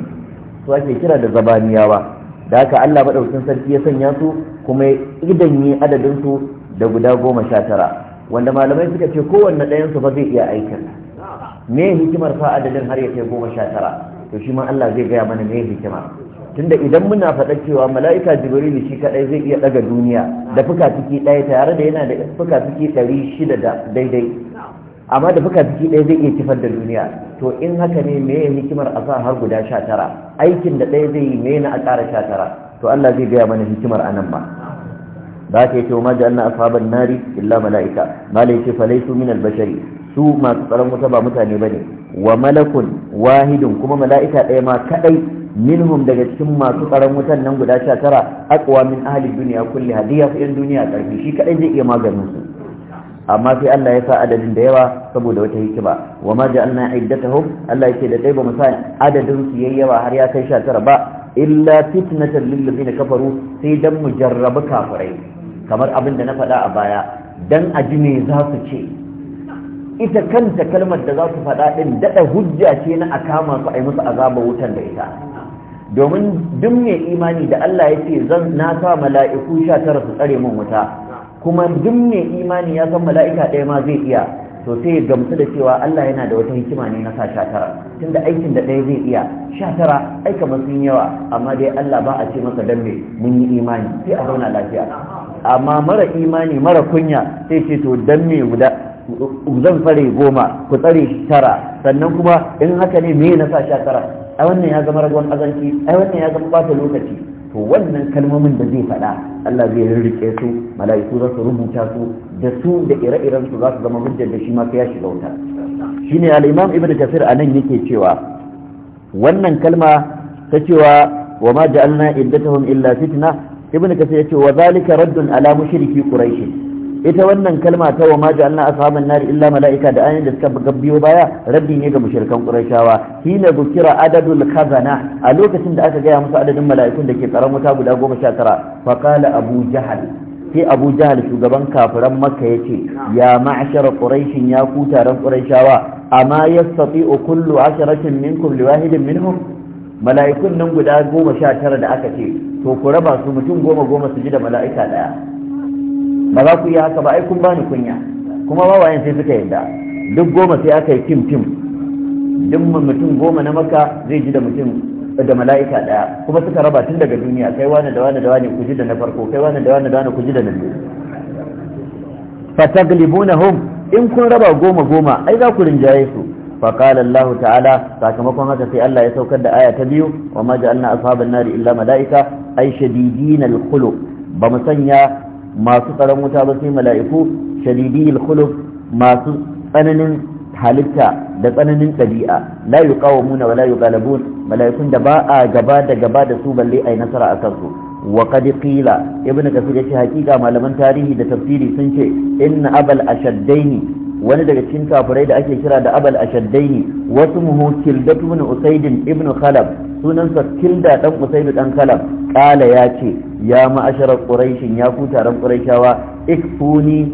su ake kira da zabaniyawa da haka Allah madaukakin sarki ya sanya su kuma idan yi adadin su da guda goma sha tara wanda malamai suka ce kowanne ɗayan su fa zai iya aikin me hikimar fa adadin har ya kai goma sha tara to shi ma Allah zai gaya mana me hikima tunda idan muna faɗa cewa mala'ika jibrilu shi kaɗai zai iya ɗaga duniya da fuka ciki ɗaya tare da yana da fuka ciki ɗari shida da daidai amma da fuka ciki ɗaya zai iya kifar da duniya to in haka ne meye hikimar a sa har guda sha tara aikin da ɗaya zai yi meye na a ƙara sha tara to Allah zai gaya mana hikimar a nan ba ba ta yi ce ma ja'alna ashaban nari illa mala'ika malai ce su min albashari su masu tsaron wuta ba mutane ne? wa malakun wahidun kuma mala'ika ɗaya ma kaɗai minhum daga cikin masu tsaron wutan nan guda sha tara aqwa min ahli duniya kulli hadiya fi duniya karfi shi kaɗai zai iya maganin su amma sai Allah ya sa adadin da yawa saboda wata hikima wa ma ja'alna iddatahum Allah yake da dai ba sa adadin su har ya kai 19 ba illa fitnatan lil ladina kafaru sai dan mu jarrabu kafirai kamar abin da na faɗa a baya dan aji me za su ce ita kanta kalmar da za su faɗa din dada hujja ce na akama su ai musu azaba wutan da ita domin duk mai imani da Allah ya ce zan na sa mala'iku 19 su tsare mun wuta kuma duk mai imani ya san mala'ika ɗaya ma zai iya to sai gamsu da cewa Allah yana da wata hikima ne na sa sha tara tunda aikin da ɗaya zai iya sha tara aika masu yawa amma dai Allah ba a ce masa dan me mun yi imani sai a zauna lafiya amma mara imani mara kunya sai ce to dan me guda zan fare goma ku tsare tara sannan kuma in haka ne me na sa sha tara ai wannan ya zama ragon azanci ai wannan ya zama bata lokaci to wannan kalmomin da zai faɗa Allah zai rike su mala'iku za su rubuta su da su da ire-iren su za su zama hujjar da shi ma sai ya shiga wuta shine al-Imam Ibn Kathir anan yake cewa wannan kalma ta cewa wa ma ja'alna iddatahum illa fitna ibn kasir ce wa zalika raddun ala mushriki quraish ita wannan kalma ta wa ma ja'alna ashaban nari illa malaika da ayoyin da suka biyo baya rabbi ne ga mushrikan qurayshawa hina zukira adadul khazana a lokacin da aka gaya musu adadin mala'ikun da ke tsaron wuta guda goma sha tara fa qala abu jahal sai abu jahal shugaban kafiran makka yace ya ma'ashara quraishin ya ku taron qurayshawa amma yastati'u kullu asharatin minkum liwahidin minhum mala'ikun nan guda goma sha tara da aka ce to ku raba su mutum goma goma su ji da mala'ika daya ba za ku yi haka ba ai kun bani kunya kuma wawayen sai suka yadda duk goma sai aka yi tim tim duk mutum goma na maka zai ji da mutum da mala'ika daya kuma suka raba tun daga duniya kai wani da wani da wani ku ji da na farko kai wani da wani da wani ku ji da na biyu fataglibunahum in kun raba goma goma ai za ku rinjaye su فقال الله تعالى سakamakon haka sai Allah ya saukar da aya ta biyu wa ma ja'alna ashaban nari illa malaika ay shadidin al-khuluq ba mu sanya masu tsaron wuta ba sai mala'iku shadidi khuluf masu tsananin halitta da tsananin ɗabi'a la yuqawmuna wa la yuqalabun mala'ikun da ba a gaba da gaba da su balle ai nasara akan su wa qad qila ibnu kasir yace hakika malaman tarihi da tafsiri sun ce inna abal ashaddaini wani daga cikin kafirai da ake kira da abal ashaddaini wasu muhu kildatu ibn usaidin ibnu khalab sunansa kilda dan usaidu dan kalam kala ya ce ya ma'asharar quraishin ya ku taron quraishawa ikfuni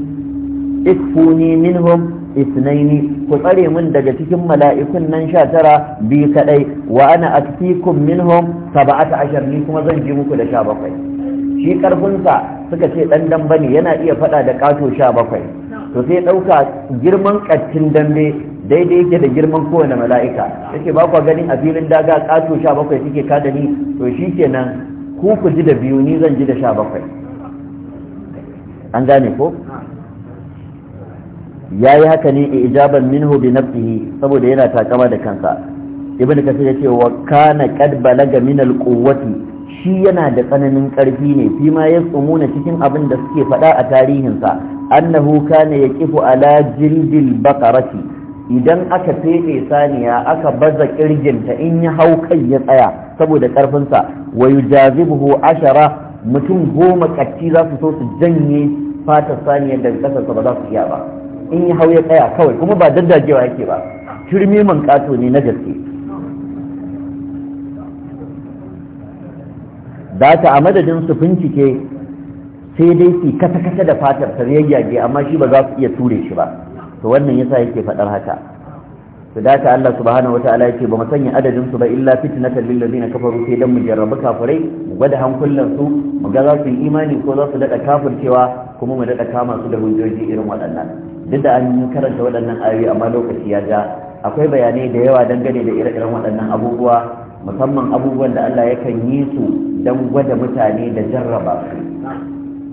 minhum isnaini ku tsare min daga cikin mala'ikun nan sha tara bi kadai wa ana aktikum minhum sab'ata ashar ni kuma zan ji muku da sha bakwai shi karfinsa suka ce ɗan dan bane yana iya fada da kato sha bakwai to sai ɗauka girman ƙaccin dambe daidai yake da girman kowane mala'ika yake ba kwa gani a filin daga ƙato sha bakwai suke kada ni to shi kenan ku ku ji da biyu ni zan ji da sha bakwai an gane ko ya yi haka ne ijaban minhu bi nafsihi saboda yana takama da kansa ibn kasir ya ce wa kana qad balaga min al-quwwati shi yana da tsananin ƙarfi ne fi ma ya tsumuna cikin abin da suke faɗa a tarihinsa annahu kana ya kifu ala jildil bakarati idan aka fefe saniya aka baza ƙirginta in ya hau kai ya tsaya saboda ƙarfinsa wa yujazibuhu ashara mutum goma kacci za su so su janye fatar saniyar daga ƙasarsa ba za su iya ba in ya hau ya tsaya kawai kuma ba daddajewa yake ba turmi man ƙato ne na gaske zata ta a madadin su bincike sai dai su kasa-kasa da fatar ta yayyage amma shi ba za su iya ture shi ba to wannan yasa yake faɗar haka to da ta Allah subhanahu wataala yake ba mu sanya adadin su ba illa fitnatan lil ladina kafaru sai dan mu jarrabu kafirai mu gwada hankulan su mu ga za su yi imani ko za su dada kafircewa kuma mu dada kama su da hujjoji irin waɗannan duk da an karanta waɗannan ayoyi amma lokaci ya ja akwai bayanai da yawa dangane da ire-iren waɗannan abubuwa musamman abubuwan da Allah yakan yi su don gwada mutane da jarraba su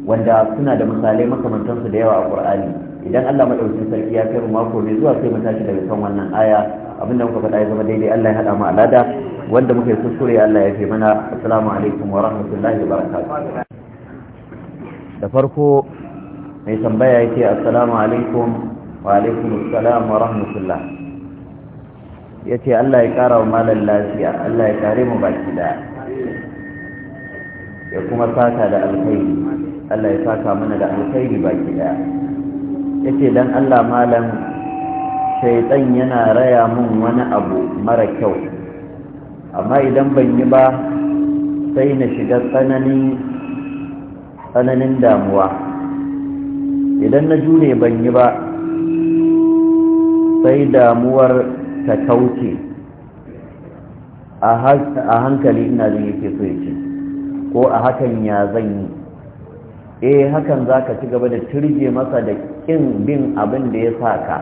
wanda suna da misalai makamantansu da yawa a Qur'ani idan Allah madaukakin sarki ya kai mu mako ne zuwa sai mu tashi daga kan wannan aya abinda muka faɗa ya zama daidai Allah ya hada mu alada wanda muka yi kuskure Allah ya fi mana assalamu alaikum wa rahmatullahi wa barakatuh da farko mai tambaya yake assalamu alaikum wa alaikum wa rahmatullahi ya ce Allah ya ƙara wa malar lafiya Allah ya kare mu baki da ya kuma saka da alkhairi Allah ya saka mana da alkhairi baki da ya ce don Allah malam shaitan yana raya mun wani abu mara kyau amma idan ban yi ba sai na shiga tsananin damuwa idan na jure ban yi ba sai damuwar ta kauce a hankali ina zai yake so ya ce ko a hakan ya zan yi eh hakan za ka ci gaba da turje masa da kin bin abin da ya sa ka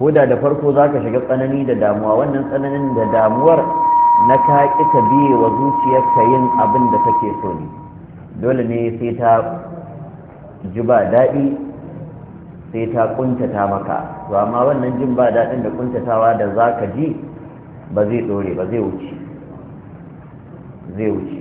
ko da da farko za ka shiga tsanani da damuwa wannan tsananin da damuwar na ka ƙi ka biye wa zuciyarka yin abin da take so ne dole ne sai ta ji ba daɗi sai ta ƙuntata maka to ma wannan jin ba daɗin da kuntatawa da za ka ji ba zai ɗore ba zai wuce zai wuce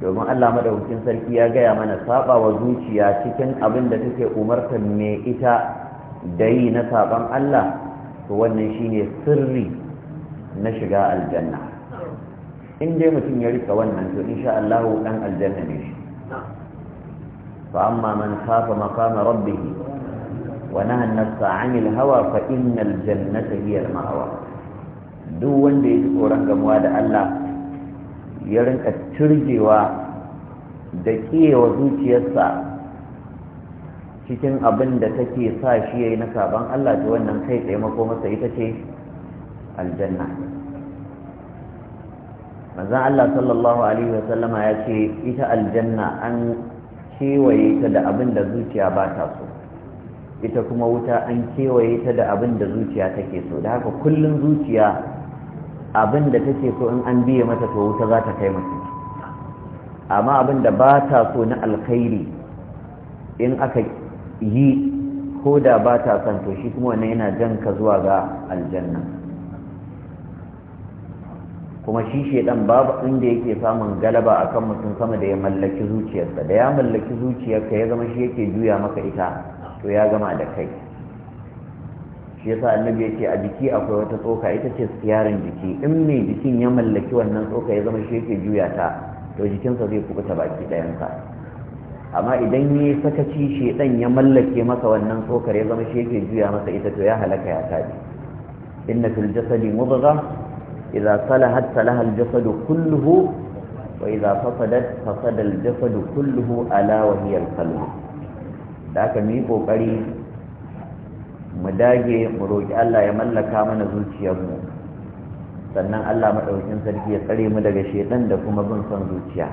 domin allah madaukakin sarki ya gaya mana saba wa zuciya cikin abin da take umartar mai ita da yi na saban allah to wannan shine sirri na shiga aljanna in dai mutum ya rika wannan to insha allahu dan aljanna ne shi fa amma man kafa maqama rabbih ونهى النفس عن الهوى فإن الجنة هي المأوى duk wanda ya ji tsoron gamuwa da Allah ya rinka turjewa da kiyewa zuciyarsa cikin abin da take sa shi ya yi na sabon Allah ta wannan kai taimako masa ita ce aljanna manzan Allah sallallahu Alaihi sallama ya ce ita aljanna an kewaye ta da abin da zuciya ba ta so ita kuma wuta an kewaye ta da abin da zuciya take so da haka kullum zuciya abin da take so in an biye mata to wuta za ta kai mutum amma abin da ba ta so na alkhairi in aka yi ko da ba ta son to shi kuma wannan yana jan ka zuwa ga aljanna kuma shi shedan babu inda yake samun galaba akan mutum sama da ya mallaki zuciyarsa da ya mallaki zuciyarka ya zama shi yake juya maka ita to ya gama da kai shi yasa annabi ya ce a jiki akwai wata tsoka ita ce siyarin jiki in mai jikin ya mallaki wannan tsoka ya zama shi yake juya ta to jikinsa zai kubuta baki sa amma idan ya sakaci dan ya mallake masa wannan tsokar ya zama shi yake juya masa ita to ya halaka ya tabi inna fil jasadi mudgha idza salahat salaha al jasadu kulluhu wa idza fasadat fasada al jasadu kulluhu ala wa hiya al da aka mu kokari mu dage mu roki Allah ya mallaka mana zuciyarmu sannan Allah maɗaukin sarki ya tsare mu daga shedan da kuma bin son zuciya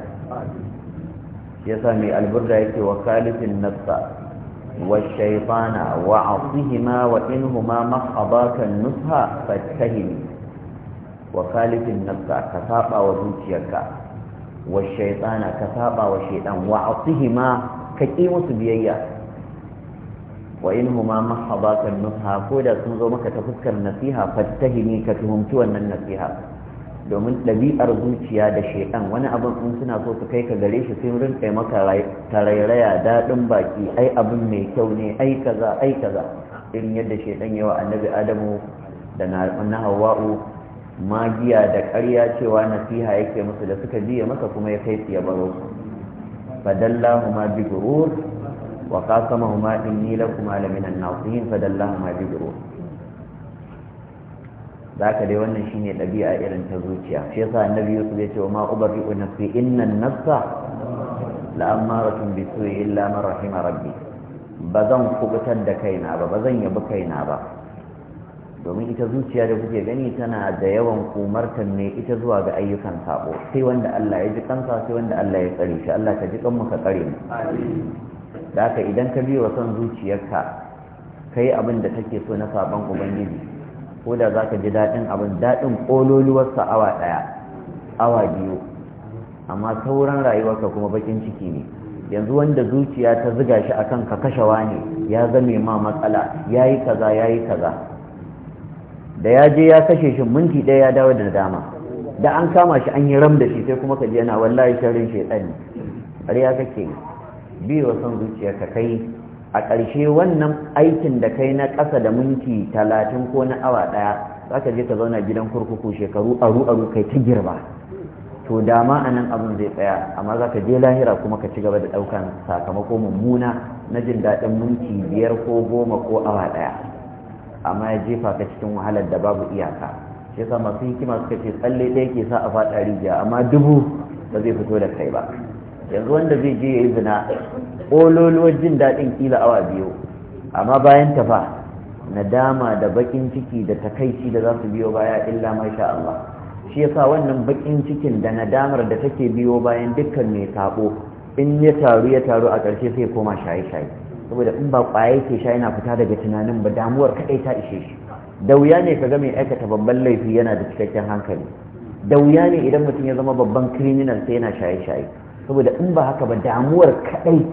shi sa mai alburda yake wa khalifin nafsa والشيطان وعصهما وإنهما مخضاك النصح فاتهم وخالف النفس كثابا وزوجيك والشيطان كثابا ka وعصهما musu biyayya. wa in huma mahaba kan nusha ko da sun zo maka ta fuskar nasiha fattahimi ka tuhumci wannan nasiha domin ɗabi'ar zuciya da shaidan wani abin in suna so su kai ka gare shi sun rinka maka tarairaya daɗin baki ai abin mai kyau ne ai kaza ai kaza irin yadda shaidan yawa annabi adamu da na hawa'u magiya da ƙarya cewa nasiha yake musu da suka biya masa kuma ya kai su ya baro su fadallahu وقاسمهما إني لكما لمن الناصحين فدلهما بغرور ذاك دي wannan shine dabi'a irin ta zuciya shi yasa annabi Yusuf ya ce wa ma ubari nafsi inna an-nafsa la amaratun bisu'i illa man rahima rabbi bazan kubutar da kaina ba bazan yabi kaina ba domin ita zuciya da kuke gani tana da yawan kumartan ne ita zuwa ga ayyukan sabo sai wanda Allah ya ji kansa sai wanda Allah ya tsare shi Allah ka ji kan mu ka tsare mu amin da haka idan ka biyo son zuciyarka kai abin da kake so na sabon ubangiji ko da za ka ji daɗin abin daɗin ƙololuwarsa awa ɗaya awa biyu amma sauran rayuwarka kuma bakin ciki ne yanzu wanda zuciya ta ziga shi akan ka kashewa ne ya zame ma matsala ya yi kaza ya yi kaza da ya je ya kashe shi minti ɗaya ya dawo da dama da an kama shi an yi ram da shi sai kuma ka ji yana wallahi sharrin shaiɗan ne kake biyo son zuciya ka kai a ƙarshe wannan aikin da kai na ƙasa da minti talatin ko na awa ɗaya za ka je ka zauna gidan kurkuku shekaru aru aru kai ta girma to dama a nan abin zai tsaya amma za ka je lahira kuma ka ci gaba da ɗaukan sakamako mummuna na jin daɗin minti biyar ko goma ko awa ɗaya amma ya jefa ka cikin wahalar da babu iyaka shi yasa masu hikima suka ce tsalle ɗaya ke sa a faɗa rijiya amma dubu ba zai fito da kai ba yanzu wanda zai je ya yi zina ƙololuwar jin daɗin ƙila awa biyu amma bayan ta fa nadama da baƙin ciki da takaici da za su biyo baya illa masha Allah shi yasa wannan baƙin cikin da nadamar da take biyo bayan dukkan mai sabo in ya taru ya taru a ƙarshe sai koma shaye-shaye saboda in ba ƙwaye ke sha yana fita daga tunanin ba damuwar kaɗai ta ishe shi da wuya ne ka ga mai aikata babban laifi yana da cikakken hankali da wuya ne idan mutum ya zama babban kiriminal sai yana shaye-shaye saboda in ba haka ba damuwar kadai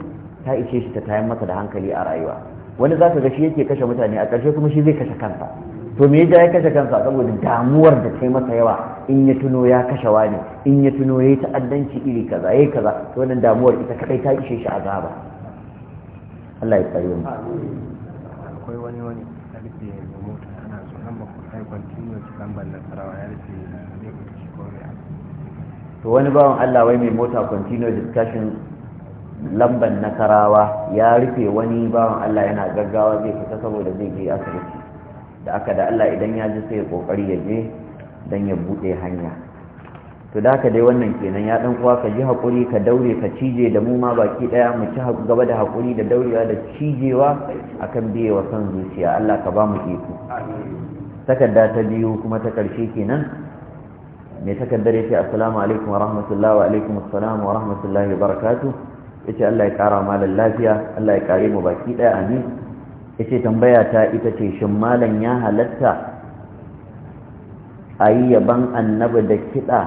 ta ishe shi ta tayan masa da hankali a rayuwa wani za ka ga shi yake kashe mutane a ƙarshe kuma shi zai kashe kansa to me ya kashe kansa saboda damuwar da ta yi masa yawa in ya tuno ya kashe wani in ya tuno ya yi ta'addanci iri kaza ya yi kaza to wannan damuwar ita kadai ta ishe shi azaba Allah ya mu akwai wani wani to wani bawan Allah wai mai mota continuous discussion lamban nasarawa ya rufe wani bawan Allah yana gaggawa zai fita saboda zai je asibiti da aka da Allah idan ya ji sai kokari ya je dan ya bude hanya to da haka dai wannan kenan ya dan kuwa ka ji hakuri ka daure ka cije da mu ma baki daya mu ci gaba da hakuri da daurewa da cijewa akan biye wa san zuciya Allah ka ba mu iko takarda ta biyu kuma ta karshe kenan mai takardar ya ce assalamu alaikum wa rahmatullahi wa alaikum assalamu wa rahmatullahi wa barakatu ya ce Allah ya kara malar lafiya Allah ya kare mu baki ɗaya amin ya ce tambaya ta ita ce shin malam ya halatta a yi yaban annabi da kiɗa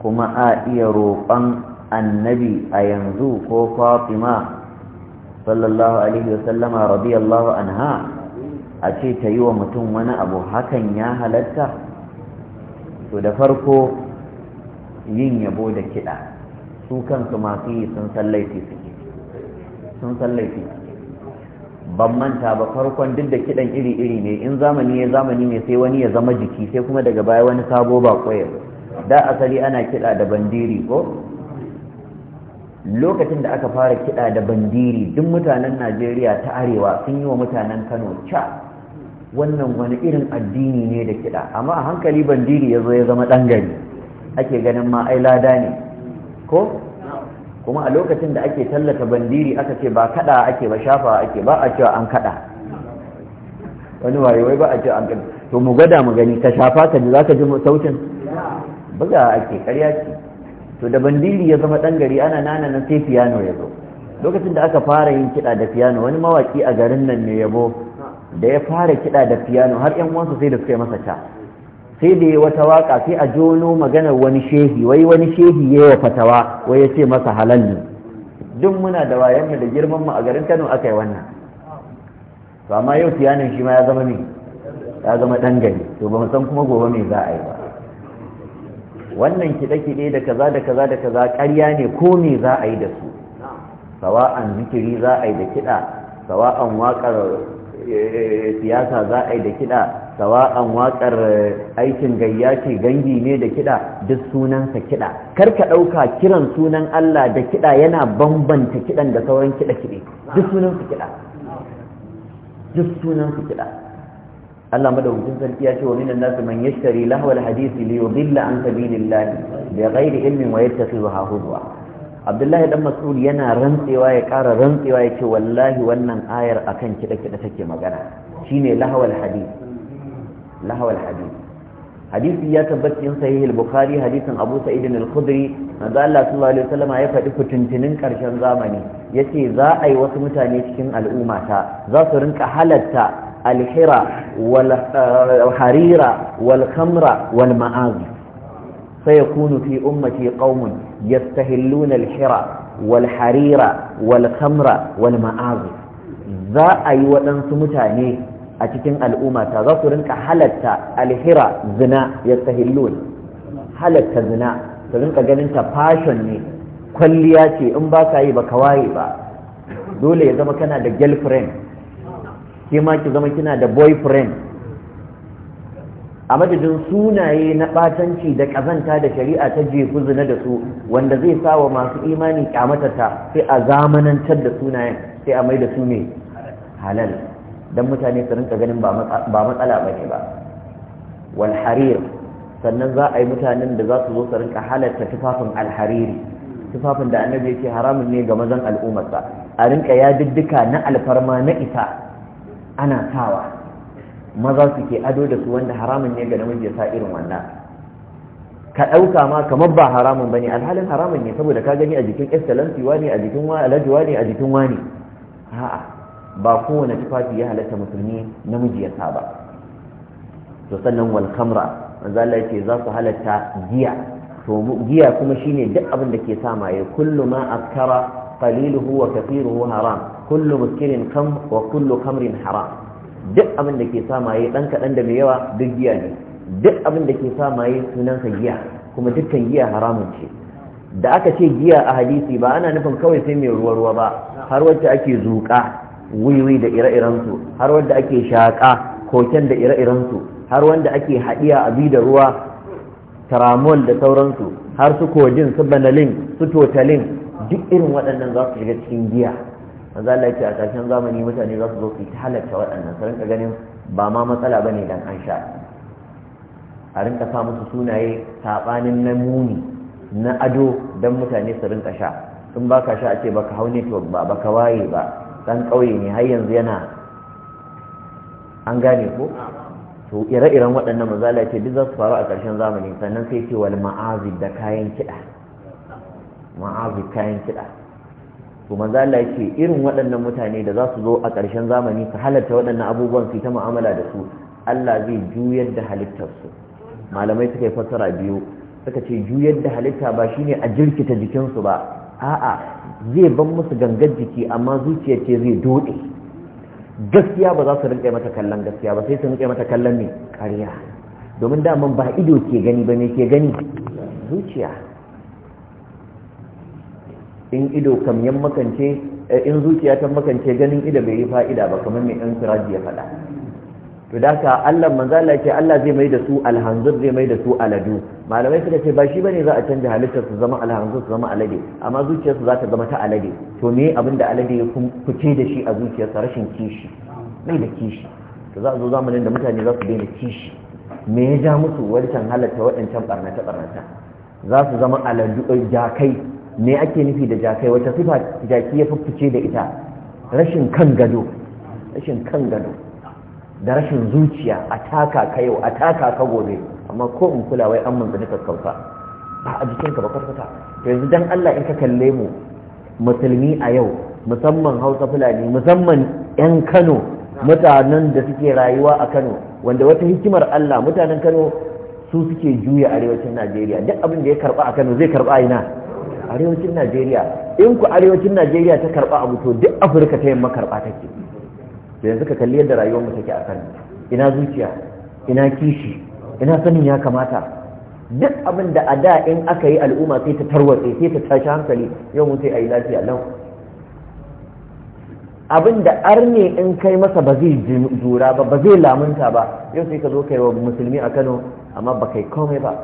kuma a iya roƙon annabi a yanzu ko fatima sallallahu alaihi wa wasallama radiyallahu anha a ce ta yi wa mutum wani abu hakan ya halatta to da farko yin yabo da kiɗa su kansu masu yi sun san laifi suke sun san ban manta ba farkon duk da kiɗan iri-iri ne in zamani ya zamani ne sai wani ya zama jiki sai kuma daga baya wani sabo ba koyar da asali ana kiɗa da bandiri ko lokacin da aka fara kiɗa da bandiri duk mutanen najeriya ta arewa sun yi wa mutanen kano ca wannan wani irin addini ne da kiɗa amma a hankali bandiri ya zo ya zama ɗan gari ake ganin ma ai lada ne ko kuma a lokacin da ake tallata bandiri aka ce ba kaɗa ake ba shafa ake ba a cewa an kaɗa wani waye wai ba a cewa an kaɗa to mu gwada mu gani ka shafa ka ji za ka ji sautin buga ake ƙarya ce to da bandiri ya zama ɗan gari ana nana na sai fiyano ya zo lokacin da aka fara yin kiɗa da fiyano wani mawaƙi a garin nan ne yabo da ya fara kiɗa da piano har yan uwansa sai da suka yi masa ta sai da ya wata waka sai a jono maganar wani shehi wai wani shehi ya yi fatawa wai ya ce masa halal ne duk muna da wayanmu da girman mu a garin Kano aka yi wannan to amma yau piano shi ma ya zama me ya zama dan gari to ba mu san kuma gobe me za a yi ba wannan kiɗe-kiɗe da kaza da kaza da kaza ƙarya ne ko me za a yi da su sawa'an zikiri za a yi da kiɗa sawa'an waƙar Eh, siyasa za a yi da kiɗa sawa'an waƙar eh, aikin gayya ce gangi ne da kiɗa duk sunansa kiɗa kar ka ɗauka kiran sunan Allah da kiɗa yana bambanta kiɗan da sauran kiɗa-kiɗe duk sunansa kiɗa duk sunansa kiɗa Allah sarki ya ce wa minan nasu man yashtari lahwal hadisi li yudilla an sabilillah bi ghairi ilmin wa yattakhidha huzwa abdullahi dan mas'ud yana rantsewa ya ƙara rantsewa ya ce wallahi wannan ayar akan kiɗa-kiɗa take magana shine lahawal hadith lahawal hadith hadisi ya tabbata in sahih bukhari hadisin abu sa'id al-khudri manzo Allah sallallahu alaihi wasallam ya faɗi kutuntinin karshen zamani yace za a yi wasu mutane cikin al'umma ta za su rinka halatta alhira wal eh, harira wal khamra wal ma'azi sayakunu fi ummati qaumun yastahilluna al-hira wal harira wal wal ma'azi za a yi waɗansu mutane a cikin al'umma ta za su rinka halatta alhira zina sahillun halatta zina su rinka ganin ta fashion ne kwalliya ce in ba ka yi ba ka waye ba dole ya zama kana da girlfriend ke ma ki zama kina da boyfriend a madadin sunaye na batanci da kazanta da shari'a ta jefu zina da su wanda zai sa wa masu imani kyamatata sai a zamanantar da sunayen sai a mai da su ne halal don mutane su rinka ganin ba matsala ba ne ba walharir sannan za a yi mutanen da za su zo su rinka halatta tufafin alhariri tufafin da annabi yake haramun ne ga mazan al'ummarsa a rinka ya diddika na alfarma na isa ana sawa maza suke ado da su wanda haramun ne ga namiji ya sa irin wannan ka ɗauka ma kamar ba haramun bane alhalin haramun ne saboda ka gani a jikin excellency wani a jikin alhaji wani a jikin wani a'a ba kowane tufafi ya halatta musulmi namiji ya sa ba to sannan wal khamra manzo Allah yake za su halatta giya to giya kuma shine duk abin da ke sa maye kullu ma askara qaliluhu wa kathiruhu haram kullu muskirin wa kullu khamrin haram duk abin da ke sa maye dan kaɗan da mai yawa duk giya ne duk abin da ke sa maye sunansa giya kuma dukkan giya haramun ce da aka ce giya a hadisi ba ana nufin kawai sai mai ruwa ruwa ba har wacce ake zuƙa wiwi da ire-irensu har wanda ake shaƙa koken da ire-irensu har wanda ake haɗiya abi da ruwa taramol da sauransu har su kojin su banalin su totalin duk irin waɗannan za su shiga cikin giya manzo Allah yake a ƙarshen zamani mutane za su zo su ta halatta waɗannan su rinka ganin ba ma matsala bane dan an sha a rinka sa musu sunaye saɓanin na muni na ado don mutane su rinka sha in baka sha a ce baka hau network ba baka waye ba ɗan ƙauye ne har yanzu yana an gane ko to ire-iren waɗannan mazala ce duk za su faru a ƙarshen zamani sannan sai ce wal ma'azib da kayan kiɗa ma'azib kayan kiɗa to manzo Allah yake irin waɗannan mutane da za su zo a ƙarshen zamani su halarta waɗannan abubuwan su ta mu'amala da su Allah zai juyar da halittar su malamai suka yi fassara biyu suka ce juyar da halitta ba shine a jirkita jikin su ba a'a zai ban musu gangar jiki amma zuciya ce zai dode gaskiya ba za su rinƙe mata kallon gaskiya ba sai su rinƙe mata kallon ne ƙarya domin daman ba ido ke gani ba ne ke gani zuciya in ido kam makance eh, in zuciya ta makance ganin ido bai yi fa'ida ba kamar mai ɗan siraji ya faɗa to da ka Allah manzala ce Allah zai mai da su alhanzur zai mai da su aladu malamai suka ce ba shi bane za a canja halittar su zama alhanzur su zama alade amma zuciyarsu za ta zama ta alade to me abin da alade ya fice da shi a zuciyarsa rashin kishi bai da kishi to za a zo zamanin da mutane za su daina kishi me ya ja musu wancan halatta waɗancan barnata barnata za su zama aladu eh, jakai me ake nufi da jakai wata sifa jaki ya fuffuce da ita rashin kan gado rashin kan gado da rashin zuciya a taka ka yau a taka ka gobe amma ko in kula wai an manzu da kakkauta ba a jikinka ba kwatkwata to yanzu dan Allah in ka kalle mu musulmi a yau musamman Hausa Fulani musamman yan Kano mutanen da suke rayuwa a Kano wanda wata hikimar Allah mutanen Kano su suke juya arewacin Najeriya duk abin da ya karba a Kano zai karba ina arewacin najeriya in ku arewacin najeriya ta karba abu to duk afirka ta yamma karba take to yanzu ka kalli yadda rayuwar take a kan ina zuciya ina kishi ina sanin ya kamata duk abin da a da in aka yi al'umma sai ta tarwatse sai ta tashi hankali yau mun sai a yi lafiya lau abin da arne in kai masa ba zai jura ba ba zai lamunta ba yau sai ka zo kai wa musulmi a kano amma ba kai komai ba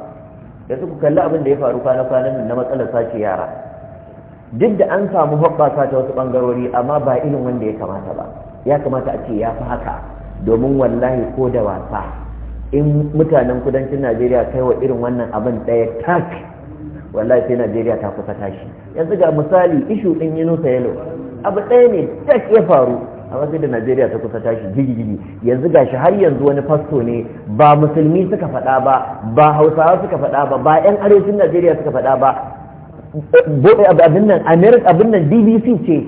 yanzu ku kalli abin da ya faru kwana-kwanan nan na matsalar sace yara duk da an samu hoɓɓasa ta wasu ɓangarori amma ba irin wanda ya kamata ba ya kamata a ce ya fi haka domin wallahi ko da wasa in mutanen kudancin najeriya kai wa irin wannan abin ɗaya tak wallahi sai najeriya ta kusa tashi yanzu ga misali ishu ɗin yunusa yalo abu ɗaya ne tak ya faru a wajen da najeriya ta kusa tashi gigigigi yanzu gashi har yanzu wani fasto ne ba musulmi suka faɗa ba ba hausawa suka faɗa ba ba yan arewacin najeriya suka faɗa ba abin nan america abin nan bbc ce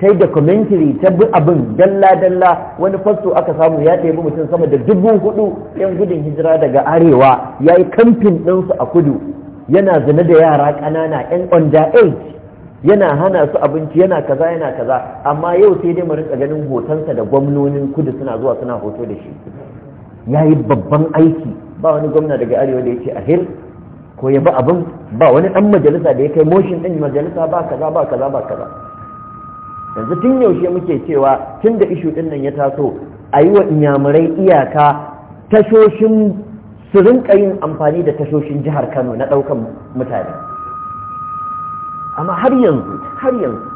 ta yi documentary ta bi abin dalla-dalla wani fasto aka samu ya taimu mutum sama da dubu hudu yan gudun hijira daga arewa ya yi kamfin ɗinsu a kudu yana zane da yara ƙanana yan under age yana hana su abinci yana kaza yana kaza amma yau sai dai mu rinka ganin hotonsa da gwamnonin kudu suna zuwa suna hoto da shi ya yi babban aiki ba wani gwamna daga arewa da ya ce ahir ko ya bi abin ba wani dan majalisa da ya kai motion ɗin majalisa ba kaza ba kaza ba kaza yanzu tun yaushe muke cewa tun da ishu din nan ya taso a yi wa inyamurai iyaka tashoshin su rinka yin amfani da tashoshin jihar kano na ɗaukan mutane amma har yanzu har yanzu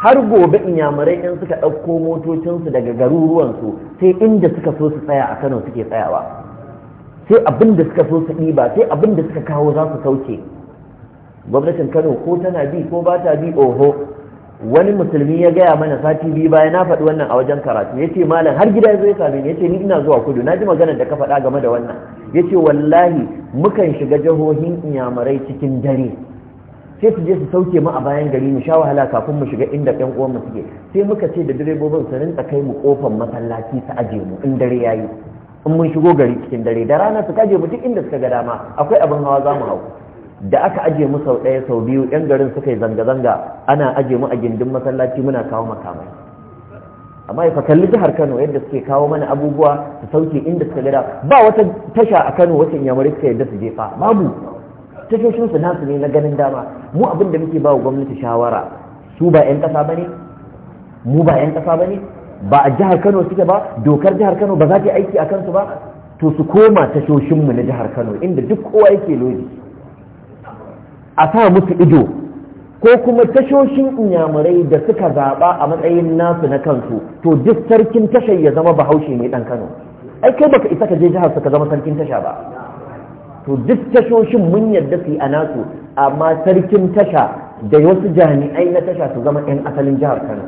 har gobe inyamurai in suka ɗauko motocinsu daga garuruwansu sai inda suka so su tsaya a kano suke tsayawa sai abin da suka so su ɗiba sai abin da suka kawo za su sauke gwamnatin kano ko tana bi ko ba ta bi oho wani musulmi ya gaya mana sati biyu baya na faɗi wannan a wajen karatu ya ce malam har gida zai same ni ya ce ni ina zuwa kudu na ji maganar da ka faɗa game da wannan ya ce wallahi mukan shiga jihohin inyamurai cikin dare sai su je su sauke mu a bayan gari mu sha wahala kafin mu shiga inda ɗan uwan mu suke sai muka ce da direbobin su rinka kai mu kofar masallaci su aje mu in dare yayi in mun shigo gari cikin dare da rana su kaje mu duk inda suka ga dama akwai abin hawa za mu hau da aka aje mu sau ɗaya sau biyu yan garin suka yi zanga-zanga ana aje mu a gindin masallaci muna kawo makamai amma ya kalli jihar kano yadda suke kawo mana abubuwa su sauke inda suka gada ba wata tasha a kano wata inyamurai suka yadda su jefa babu tashoshinsu nasu ne na ganin dama mu abin da muke ba wa gwamnati shawara su ba 'yan ƙasa ba mu ba 'yan ƙasa ba ba a jihar kano suke ba dokar jihar kano ba za ta aiki a kansu ba to su koma tashoshinmu na jihar kano inda duk kowa yake lodi a sa musu ido ko kuma tashoshin inyamurai da suka zaɓa a matsayin nasu na kansu to duk sarkin tashar ya zama bahaushe ne ɗan kano ai kai baka isa ka je jihar ka zama sarkin tasha ba to duk tashoshin mun yadda su yi a nasu amma sarkin tasha da wasu jami'ai na tasha su zama 'yan asalin jihar kano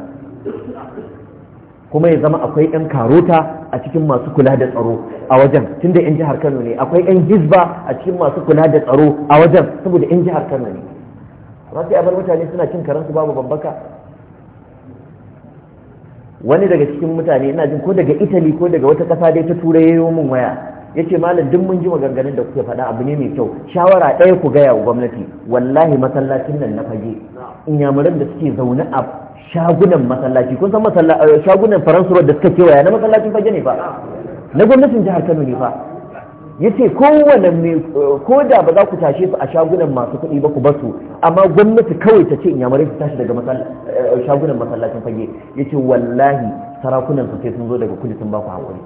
kuma ya zama akwai 'yan karota a cikin masu kula da tsaro a wajen tunda 'yan jihar kano ne akwai 'yan gizba a cikin masu kula da tsaro a wajen saboda 'yan jihar kano ne amma sai a mutane suna cin karansu babu babbaka wani daga cikin mutane ina jin ko daga italy ko daga wata kasa dai ta turai yayo min waya yace malam duk mun ji maganganun da kuke faɗa abu ne mai kyau shawara ɗaya ku gaya wa gwamnati wallahi masallacin nan na fage inyamuran da suke zaune a shagunan masallaci kun san eh, shagunan faransu da suka kewaya na masallacin fage ne fa na gwamnatin jihar kano ne fa yace kowane mai eh, ko da ba za ku tashe su a shagunan masu kuɗi ba ku ba su amma gwamnati kawai ta ce inyamurai su tashi daga eh, shagunan masallacin fage yace wallahi sarakunan su sai sun zo daga kudu sun ba ku hakuri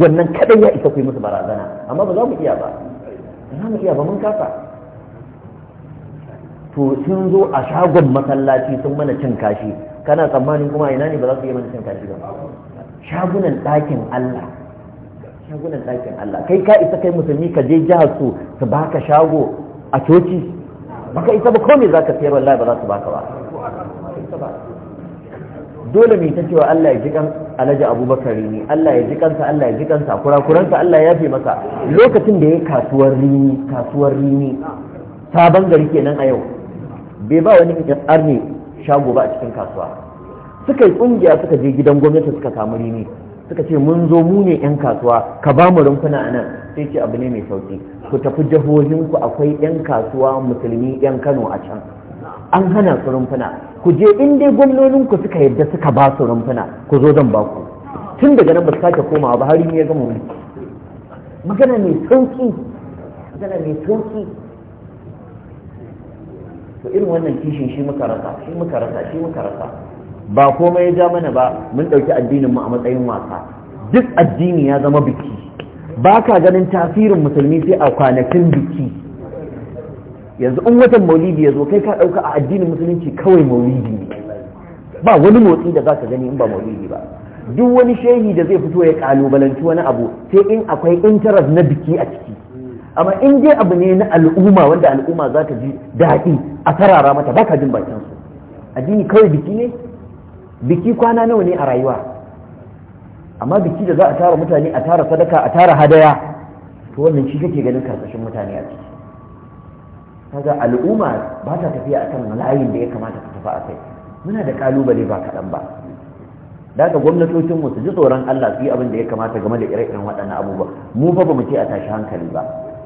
wannan kaɗai ya isa ku yi musu barazana amma ba za mu iya ba ba za mu iya ba mun kasa to sun zo a shagon masallaci sun mana cin kashi kana tsammanin kuma ina ne ba za su iya mana cin kashi ba shagunan ɗakin Allah shagunan ɗakin Allah kai ka isa kai musulmi ka je jihar su su baka shago a coci baka isa ba komai za ka sayar wallahi ba za su baka ba dole mai ta cewa Allah ya ji kan Alhaji Abubakar ne Allah ya ji kansa Allah ya ji kansa kurakuransa Allah ya fi masa lokacin da ya kasuwar rini kasuwar rini sabon gari kenan a yau bai ba wani arne shago ba a cikin kasuwa suka yi kungiya suka je gidan gwamnati suka samu rini suka ce mun zo mu ne yan kasuwa ka ba mu rumfuna a nan sai ce abu ne mai sauki ku tafi ku akwai yan kasuwa musulmi yan Kano a can an hana su rumfuna ku je in dai gwamnonin ku suka yadda suka ba su rumfuna ku zo zan ba ku tun daga nan ba su sake komawa ba har ya gama wani magana mai sauki magana mai sauki to irin wannan kishin shi muka rasa shi muka rasa shi muka rasa ba komai ya ja mana ba mun ɗauki addinin mu a matsayin wasa duk addini ya zama biki ba ka ganin tasirin musulmi sai a kwanakin biki yanzu in watan maulidi ya zo kai ka ɗauka a addinin musulunci kawai maulidi ne ba wani motsi da za ka gani in ba maulidi ba duk wani shehi da zai fito ya kalubalanci wani abu sai in akwai interest na biki a ciki amma in dai abu ne na al'umma wanda al'umma za ta ji daɗi a tarara mata ba ka jin bakin su addini kawai biki ne biki kwana nawa ne a rayuwa amma biki da za a tara mutane a tara sadaka a tara hadaya to wannan shi kake ganin karsashin mutane a ciki kaga al'umma ba ta tafiya akan layin da ya kamata ta tafi a kai muna da kalubale ba kaɗan ba daga gwamnatocin mu su ji tsoron Allah su yi abin da ya kamata game da ire-iren waɗannan abubuwa mu fa bamu ce a tashi hankali ba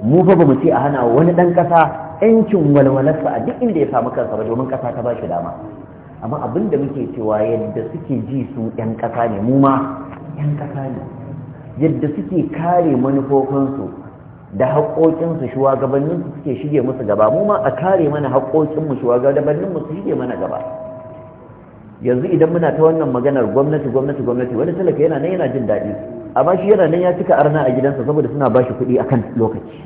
mu fa bamu ce a hana wani ɗan ƙasa ƴancin walwalarsa a duk inda ya samu kansa ba domin ƙasa ta ba shi dama amma abin da muke cewa yadda suke ji su ƴan ƙasa ne mu ma ƴan ƙasa ne yadda suke kare manufofinsu da haƙoƙinsu shugabannin su suke shige musu gaba mu ma a kare mana haƙoƙinmu shugabannin mu su shige mana gaba yanzu idan muna ta wannan maganar gwamnati gwamnati gwamnati wani talaka yana nan yana jin daɗi amma shi yana nan ya cika arna a gidansa saboda suna ba shi kuɗi akan lokaci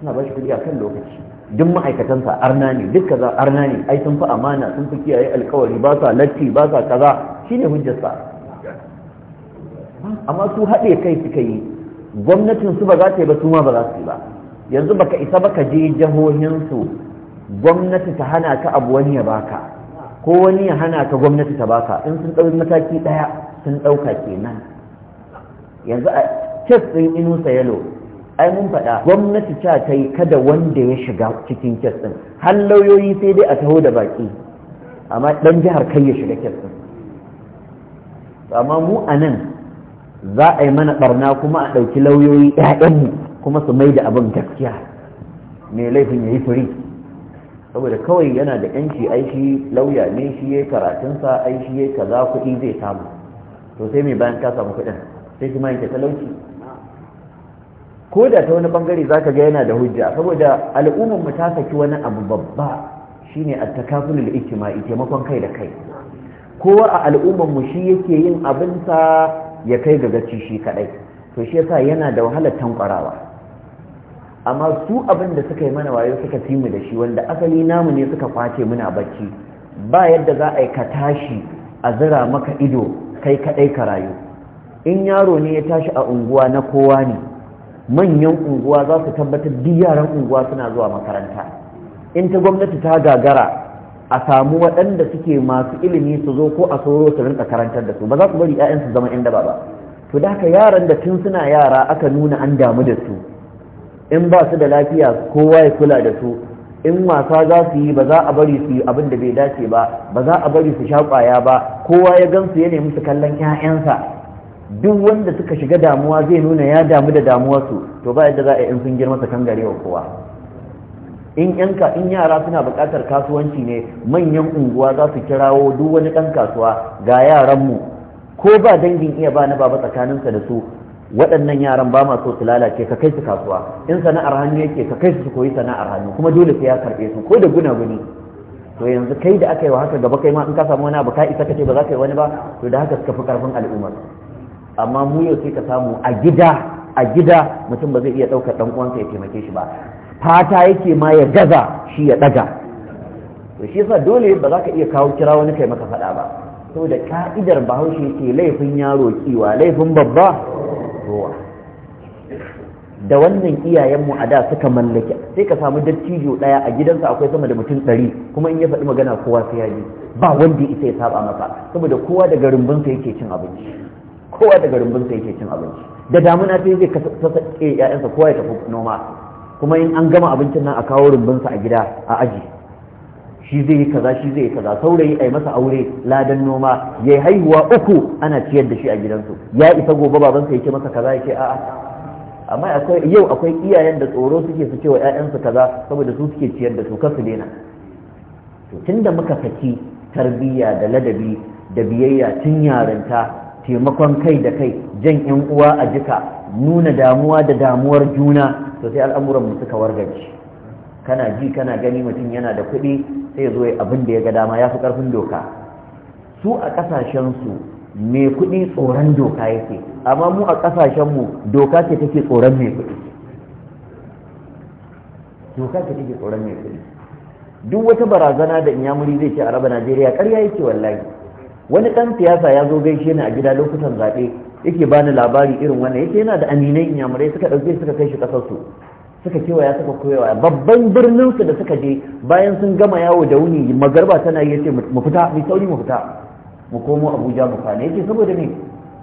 suna ba shi kuɗi akan lokaci duk ma'aikatansa arna ne duk kaza arna ne ai sun fi amana sun fi kiyaye alkawari ba sa latti ba sa kaza shine hujjarsa amma su haɗe kai suka yi gwamnatin su ba za ta yi ba su ma ba za su yi ba yanzu baka isa baka je jahohin gwamnati ta hana ka abu wani ya baka ko wani ya hana ka gwamnati ta baka in sun ɗauki mataki ɗaya sun ɗauka kenan yanzu a kes ɗin inusa yalo ai mun faɗa gwamnati ta ta kada wanda ya shiga cikin kes ɗin har lauyoyi sai dai a taho da baki amma ɗan jihar kai ya shiga kes ɗin amma mu a nan za a yi mana barna kuma a ɗauki lauyoyi ‘ya'yanmu kuma su mai da abin gaskiya mai laifin ya yi firi saboda kawai yana da ‘yanci aishi, lauya ne shi ya karatunsa ai shi ya kaza kuɗi zai samu to sai mai bayan ka samu kuɗin sai shi ma talauci ko da ta wani bangare ka ga yana da hujja saboda al'ummar mu ta saki wani abu babba shine at-takafulul ijtima'i taimakon kai da kai kowa a al'ummar mu shi yake yin abinsa ya kai ga gaci shi kadai to shi yasa yana da wahalar tankwarawa amma su abin da suka yi mana wayo suka fi mu da shi wanda asali namu ne suka kwace muna bacci ba yadda za a yi ka tashi a zira maka ido kai kadai ka rayu in yaro ne ya tashi a unguwa na kowa ne manyan unguwa za su tabbatar duk yaran unguwa suna zuwa makaranta in ta gwamnati ta gagara a samu waɗanda suke masu ilimi su zo ko a sauro su rinka karantar da su ba za su bari 'ya'yansu zama inda ba ba to da haka yaran da tun suna yara aka nuna an damu da su in ba su da lafiya kowa ya kula da su in wasa za su yi ba za a bari su yi abin da bai dace ba ba za a bari su sha kwaya ba kowa ya gansu ya nemi su kallon 'ya'yansa duk wanda suka shiga damuwa zai nuna ya damu da damuwarsu to ba yadda za a yi in sun girma su kan wa kowa in yanka in yara suna buƙatar kasuwanci ne manyan unguwa za su kirawo duk wani ɗan kasuwa ga yaranmu ko ba dangin iya ba na baba tsakaninsa da su waɗannan yaran ba ma so su lalace ka kai su kasuwa in sana'ar hannu yake ka kai su su koyi sana'ar hannu kuma dole sai ya karɓe su ko da guna guni. to yanzu kai da aka yi wa haka gaba kai ma in ka samu wani abu ka isa ka ce ba za ka yi wani ba to da haka suka fi karfin al'ummar amma mu yau sai ka samu a gida a gida mutum ba zai iya ɗaukar ɗan uwansa ya taimake shi ba fata yake ma ya gaza shi ya daga to shi yasa dole ba za ka iya kawo kira wani kai maka faɗa ba saboda ka'idar bahaushe ke laifin yaro kiwa laifin babba ruwa da wannan iyayenmu a da suka mallake sai ka samu dattijo ɗaya a gidansa akwai sama da mutum ɗari kuma in ya faɗi magana kowa sai ya ji ba wanda isa ya saba masa saboda kowa daga rumbunsa yake cin abinci kowa daga rumbunsa yake cin abinci da damuna sai zai kasa eh, 'ya'yansa kowa ya tafi noma kuma in an gama abincin nan a kawo rumbunsa a gida a aji shi zai yi kaza shi zai yi kaza saurayi a yi masa aure ladan noma ya haihuwa uku ana ciyar da shi a gidansu ya isa gobe babansa ya ce masa kaza ya ce a'a amma yau akwai iyayen da tsoro suke su cewa ƴaƴansu kaza saboda su suke ciyar da su ka su daina to tunda muka saki tarbiyya da ladabi da biyayya tun yarinta taimakon kai da kai jan 'yan uwa a jika nuna damuwa da damuwar juna to sai al'amuran mu suka wargaje kana ji kana gani mutum yana da kuɗi sai zo abin da ya ga dama ya fi ƙarfin doka su a ƙasashen su mai kuɗi tsoron doka yake amma mu a ƙasashen mu doka ce take tsoron mai kuɗi doka ce take tsoron mai kuɗi duk wata barazana da inyamuri zai ce a raba najeriya ƙarya yake wallahi wani ɗan siyasa ya zo gaishe ni a gida lokutan zaɓe yake bani labari irin wannan yake yana da aminai inyamurai suka ɗauke suka kai shi ƙasarsu suka kewaya suka koyawa babban birnin su da suka je bayan sun gama yawo da wuni magarba tana yi yace mu fita mu sauri mu fita mu komo Abuja mu kwana yake saboda me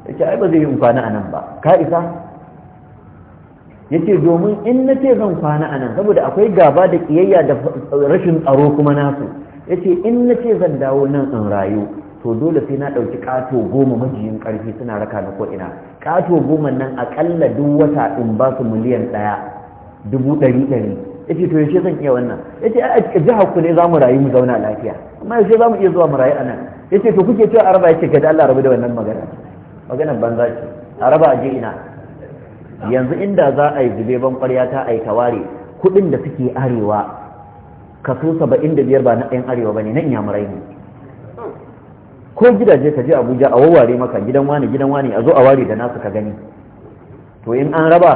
yace ai ba zai yi kwana anan ba ka isa yace domin in na ce zan kwana anan saboda akwai gaba da kiyayya da rashin tsaro kuma nasu yace in na ce zan dawo nan in rayu to dole sai na ɗauki ƙato goma majiyin ƙarfi suna raka na ko'ina ƙato goma nan aƙalla duk wata in ba su miliyan ɗaya dubu ɗari ɗari ya ce to yaushe zan iya wannan ya ce a jihar ku ne za mu rayu mu zauna lafiya amma yaushe za mu iya zuwa mu rayu a nan ya ce to kuke cewa araba ya ce gada Allah rabu da wannan magana maganar banza ce araba a je ina yanzu inda za a yi zube ban ƙwarya ta aika ware kuɗin da suke arewa kaso saba'in da biyar ba na ɗayan arewa ba ne na inyamurai ne ko gidaje ka je abuja a wawware maka gidan wani gidan wani a zo a ware da nasu ka gani to in an raba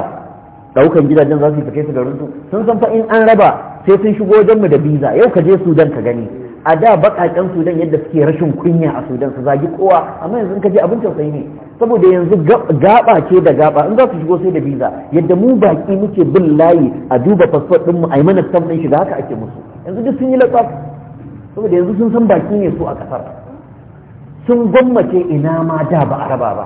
daukan gidajen za su fita su garin su sun san fa in an raba sai sun shigo wajen mu da biza yau ka je sudan ka gani a da bakakan sudan yadda suke rashin kunya a sudan su zagi kowa amma yanzu ka je abin tausayi ne saboda yanzu gaba ce da gaba in za su shigo sai da biza yadda mu baki muke bin layi a duba fasfot din mu a yi mana stamp din shiga haka ake musu yanzu duk sun yi latsa saboda yanzu sun san baki ne su a kasar sun gwammace ina ma da ba a raba ba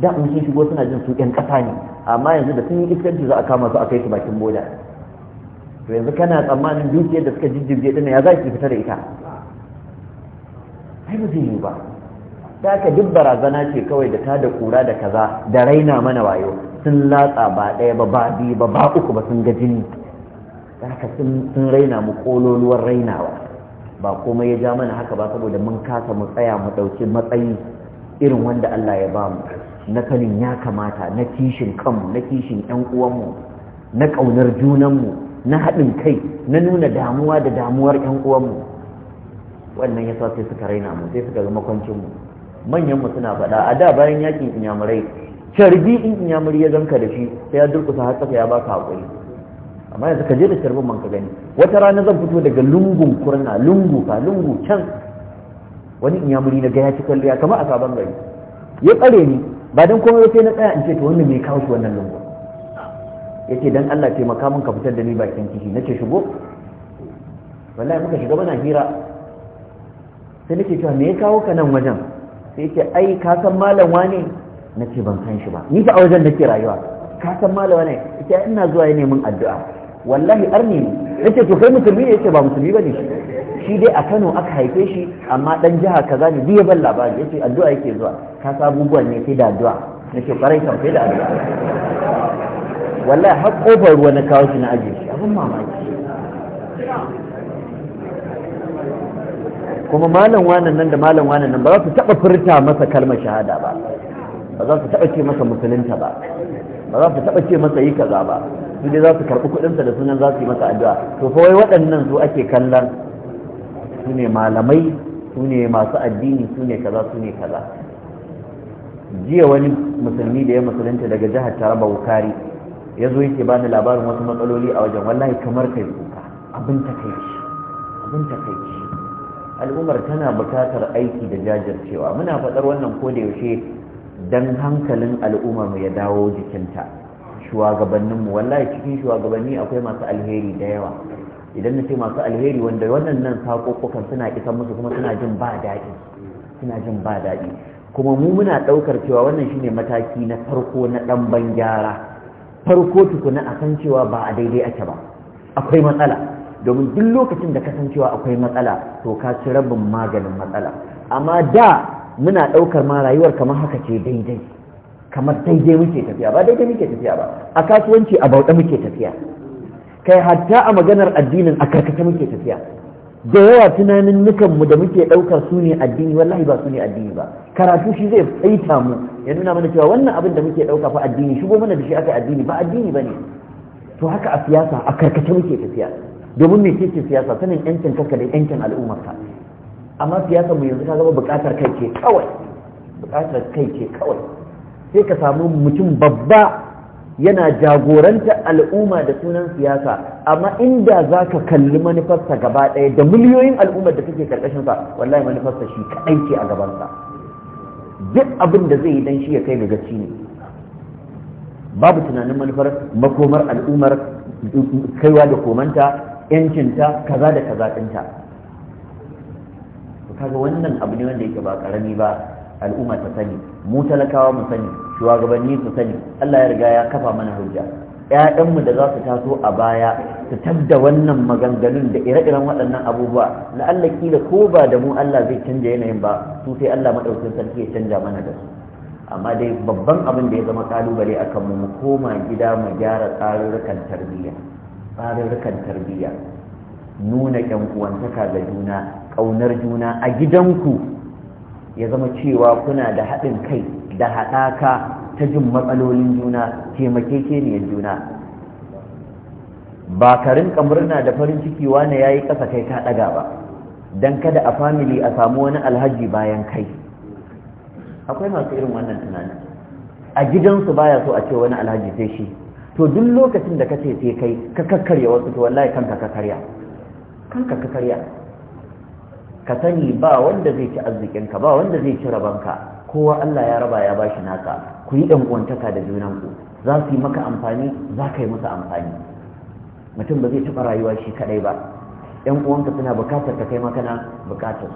da an sun shigo suna jin su ƴan ƙasa ne amma yanzu da sun yi iskanci za a kama su a kai su bakin boda to yanzu kana tsammanin dukiyar da suka jijjirje ɗin ya za ki fita da ita ai ba zai yi ba da aka duk barazana ce kawai da ta da kura da kaza da raina mana wayo sun latsa ba ɗaya ba ba biyu ba ba uku ba sun ga jini da sun raina mu kololuwar rainawa ba komai ya ja mana haka ba saboda mun kasa mu tsaya mu ɗauki matsayi irin wanda Allah ya ba mu na kanin ya kamata na kishin kanmu na kishin ƴan uwanmu na ƙaunar junanmu na haɗin kai na nuna damuwa da damuwar ƴan uwanmu wannan yasa sai suka raina mu sai suka ga makwancinmu manyanmu suna faɗa a da bayan yakin inyamurai carbi in inyamuri ya zanka da shi sai ya durkusa har ya baka haƙuri amma yanzu ka je da sharbin man ka gani wata rana zan fito daga lungun kurna lungu ka lungu can wani inyamuri na ga ya ci kwalliya kamar a sabon gari ya tsare ni ba don komai sai na tsaya in ce to wannan mai kawo shi wannan lungu yace dan Allah taimaka min ka fitar da ni bakin kishi ce shigo wallahi muka shiga bana hira sai nake cewa me ya kawo ka nan wajen sai yake ai ka san malam wane ce ban san shi ba ni ka a wajen nake rayuwa ka san malam wane ita ina zuwa ya neman addu'a wallahi arni ne yace to kai musulmi ne yace ba musulmi bane shi shi dai a Kano aka haife shi amma dan jiha kaza ne biye ban labari yace addu'a yake zuwa ka sa abubuwan ne sai da addu'a yace kwarai kan sai da addu'a wallahi har kofar ruwa na kawo shi na aje shi abin mamaki kuma malam wanan nan da malam wanan nan ba za su taba furta masa kalmar shahada ba ba za su taba ce masa musulunta ba ba za su taba ce masa yi kaza ba su dai za su karɓi kuɗinsa da sunan za su yi masa addu'a to fa wai waɗannan su ake kallan su ne malamai su ne masu addini su ne kaza su ne kaza jiya wani musulmi da ya musulunta daga jihar taraba bukari ya zo yake bani labarin wasu matsaloli a wajen wallahi kamar kai kuka abin ta takaici abin takaici al'ummar tana bukatar aiki da jajircewa muna faɗar wannan ko da yaushe dan hankalin al'ummar ya dawo jikinta shugabanninmu wallahi cikin shugabanni akwai masu alheri da yawa idan na ce masu alheri wanda waɗannan sakokokan suna isa musu kuma suna jin ba daɗi suna jin ba daɗi kuma mu muna ɗaukar cewa wannan shine mataki na farko na ɗan ban gyara farko tukuna a san cewa ba a daidai ake ba akwai matsala domin duk lokacin da ka san cewa akwai matsala to ka ci rabin maganin matsala amma da muna ɗaukar ma rayuwar kamar haka ce daidai kamar daidai muke tafiya ba daidai muke tafiya ba a kasuwanci a bauɗe muke tafiya kai hatta a maganar addinin a karkata muke tafiya da yawa tunanin nukanmu da muke ɗaukar su ne addini wallahi ba su ne addini ba karatu shi zai tsaita mu ya nuna mana cewa wannan abin da muke ɗauka fa addini shigo mana da shi aka addini ba addini ba ne to haka a siyasa a karkata muke tafiya domin me ce siyasa sanin yancin kanka da yancin al'ummarka amma siyasa mu yanzu ta zama buƙatar kai ce kawai buƙatar kai ce kawai sai ka samu mutum babba yana jagoranta al'umma da sunan siyasa amma inda za ka kalli manufarsa gaba ɗaya da miliyoyin al'ummar da take karkashinsa wallahi manufarsa shi kaɗai ce a gabansa duk abin da zai yi don shi ya kai gaci ne babu tunanin manufar makomar al'ummar kaiwa da komanta yancinta kaza da kaza ɗinta kaga wannan abu ne wanda yake ba ƙarami ba al'umma ta sani mu talakawa mu sani shugabanni su sani Allah ya riga ya kafa mana hujja ƴaƴanmu da za su taso a baya su tabda wannan maganganun da ire-iren waɗannan abubuwa la'alla kila ko ba da mu Allah zai canja yanayin ba su sai Allah maɗaukin sarki ya canja mana da su amma dai babban abin da ya zama kalubale a kanmu mu koma gida mu gyara tsarurrukan tarbiyya tsarurrukan tarbiyya nuna ƴan uwantaka ga juna ƙaunar juna a gidanku ya zama cewa kuna da haɗin kai da haɗaka ta jin matsalolin juna taimakekeniyar juna ba ka rinka murna da farin ciki wane ya yi ƙasa kai ka ɗaga ba don kada a famili a samu wani alhaji bayan kai akwai masu irin wannan tunanin a gidansu baya so a ce wani alhaji sai shi to duk lokacin da ka ce sai kai ka kakkarya wasu to wallahi kanka ka karya kanka ka karya ka sani ba wanda zai ci arzikinka ba wanda zai ci ka kowa Allah ya raba ya bashi naka ku yi ɗan uwantaka da junanku za su yi maka amfani za ka yi musu amfani mutum ba zai taɓa rayuwa shi kaɗai ba ɗan uwanka suna buƙatar ka kai makana buƙatar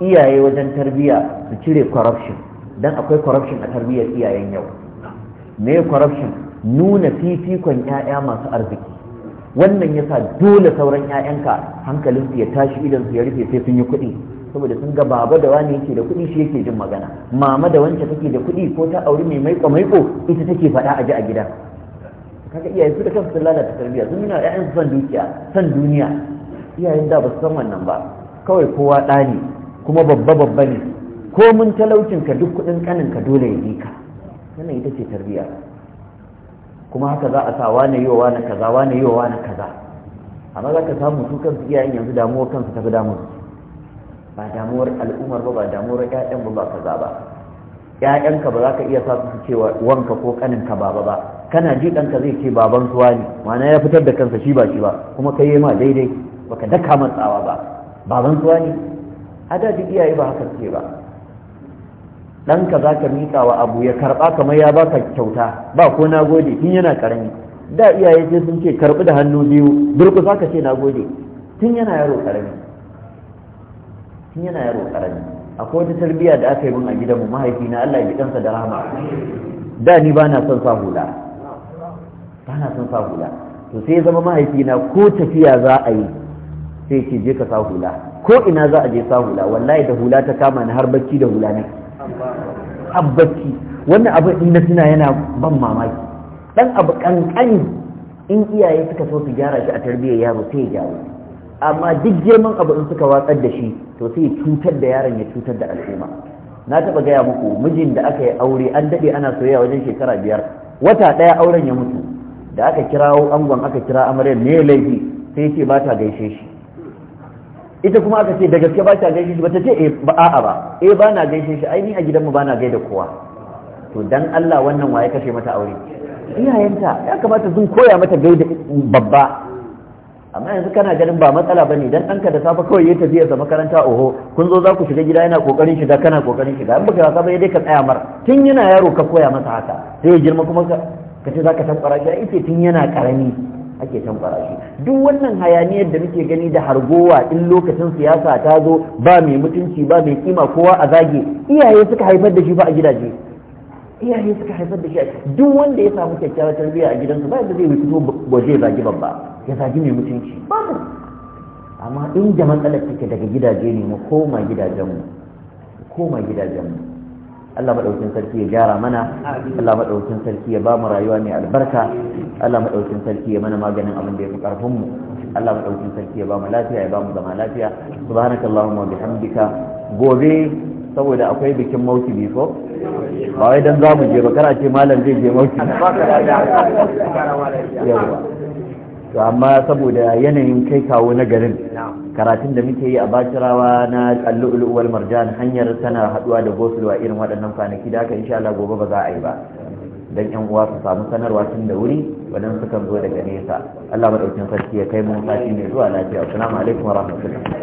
iyaye wajen tarbiyya su cire corruption dan akwai corruption a tarbiyyar iyayen yau me corruption nuna fifikon 'ya'ya masu arziki wannan yasa dole sauran 'ya'yanka su ya tashi idan su ya rufe sai sun yi kuɗi saboda sun ga baba da wani yake da kuɗi shi yake jin magana mama da wance take da kuɗi ko ta auri mai maiko maiko ita take faɗa a ji a gida kaga iyaye su da kansu sun lalata tarbiyya sun nuna ƴaƴan su san dukiya san duniya iyayen da ba su san wannan ba kawai kowa ɗa ne kuma babba babba ne ko mun talaucin ka duk kuɗin kanin ka dole ya yi ka wannan ita ce tarbiyya kuma haka za a sa wane yiwa wane kaza wane yiwa wane kaza amma za ka samu su kansu iyayen yanzu damuwar kansu tafi damun ba damuwar al'ummar ba ba damuwar ƴaƴan ba ba kaza ba ka ba za ka iya sa su cewa wanka ko ka baba ba kana ji ka zai ce baban su wani ma'ana ya fitar da kansa shi ba shi ba kuma kai ma daidai baka daka matsawa ba baban su wani a da iyaye ba haka suke ba ɗanka za ka miƙa wa abu ya karɓa kamar ya baka kyauta ba ko na gode tun yana ƙarami da iyaye sai sun ce karɓi da hannu biyu durku za ka ce na gode tun yana yaro ƙarami tun yana yaro ƙarami akwai wata tarbiyya da aka yi min a gidanmu mahaifina Allah ya kansa da rahama da ni ba na son sa hula ba na son sa hula to sai zama mahaifina ko tafiya za a yi sai ce je ka sa hula ko ina za a je sa hula wallahi da hula ta kama ni har bacci da hula ne Abaki, wannan abu in na tuna yana ban mamaki dan abu kankani in iyaye suka so su gyara shi a tarbiyyar yaro sai ya gyara amma duk girman abu in suka watsar da shi to sai ya cutar da yaron ya cutar da al'umma na taba gaya muku mijin da aka yi aure an dade ana soyayya wajen shekara biyar wata ɗaya auren ya mutu da aka kirawo angon aka kira amaryar me laifi sai ce ba ta gaishe shi ita kuma aka ce da gaske ba ta gaishe shi ba ta ce eh, a'a ba eh ba na gaishe shi ai ni a gidanmu ba na gaida kowa to dan Allah wannan waye kashe mata aure iyayenta ya kamata sun koya mata gaida babba amma yanzu kana ganin ba matsala bane dan ɗanka da safe kawai ya tafiya zama makaranta oho kun zo za ku shiga gida yana kokarin shiga kana kokarin shiga in baka wasa ba dai ka tsaya mar tun yana yaro ka koya masa haka sai ya girma kuma ka ce za ka tankwara shi ita tun yana karami ake tankwara shi duk wannan hayaniyar da muke gani da hargowa in lokacin siyasa ta zo ba mai mutunci ba mai kima kowa a zage iyaye suka haifar da shi ba a gidaje iyaye suka haifar da shi duk wanda ya samu kyakkyawar tarbiyya a gidansu ba yadda zai wuce waje ya zagi babba ya zagi mai mutunci babu amma inda matsalar take daga gidaje ne mu koma gidajenmu koma gidajenmu Allah madaukakin sarki ya gyara mana Allah madaukakin sarki ya bamu rayuwa mai albarka Allah madaukakin sarki ya mana maganin abin da ya fi karfin mu Allah madaukakin sarki ya bamu lafiya ya bamu zama lafiya subhanakallahumma wa bihamdika gobe saboda akwai bikin mauki bifo ba wai dan za mu je ba kana ce malam zai je mauki to amma saboda yanayin kai kawo na garin karatun da muke yi a bacirawa na allu'ulu wal marjan hanyar tana haduwa da gosulwa irin waɗannan kwanaki da aka insha Allah gobe ba za a yi ba dan yan uwa su samu sanarwa tun da wuri wadan sukan zo daga nesa Allah maɗaukin sarki ya kai mu sati mai zuwa lafiya assalamu alaikum wa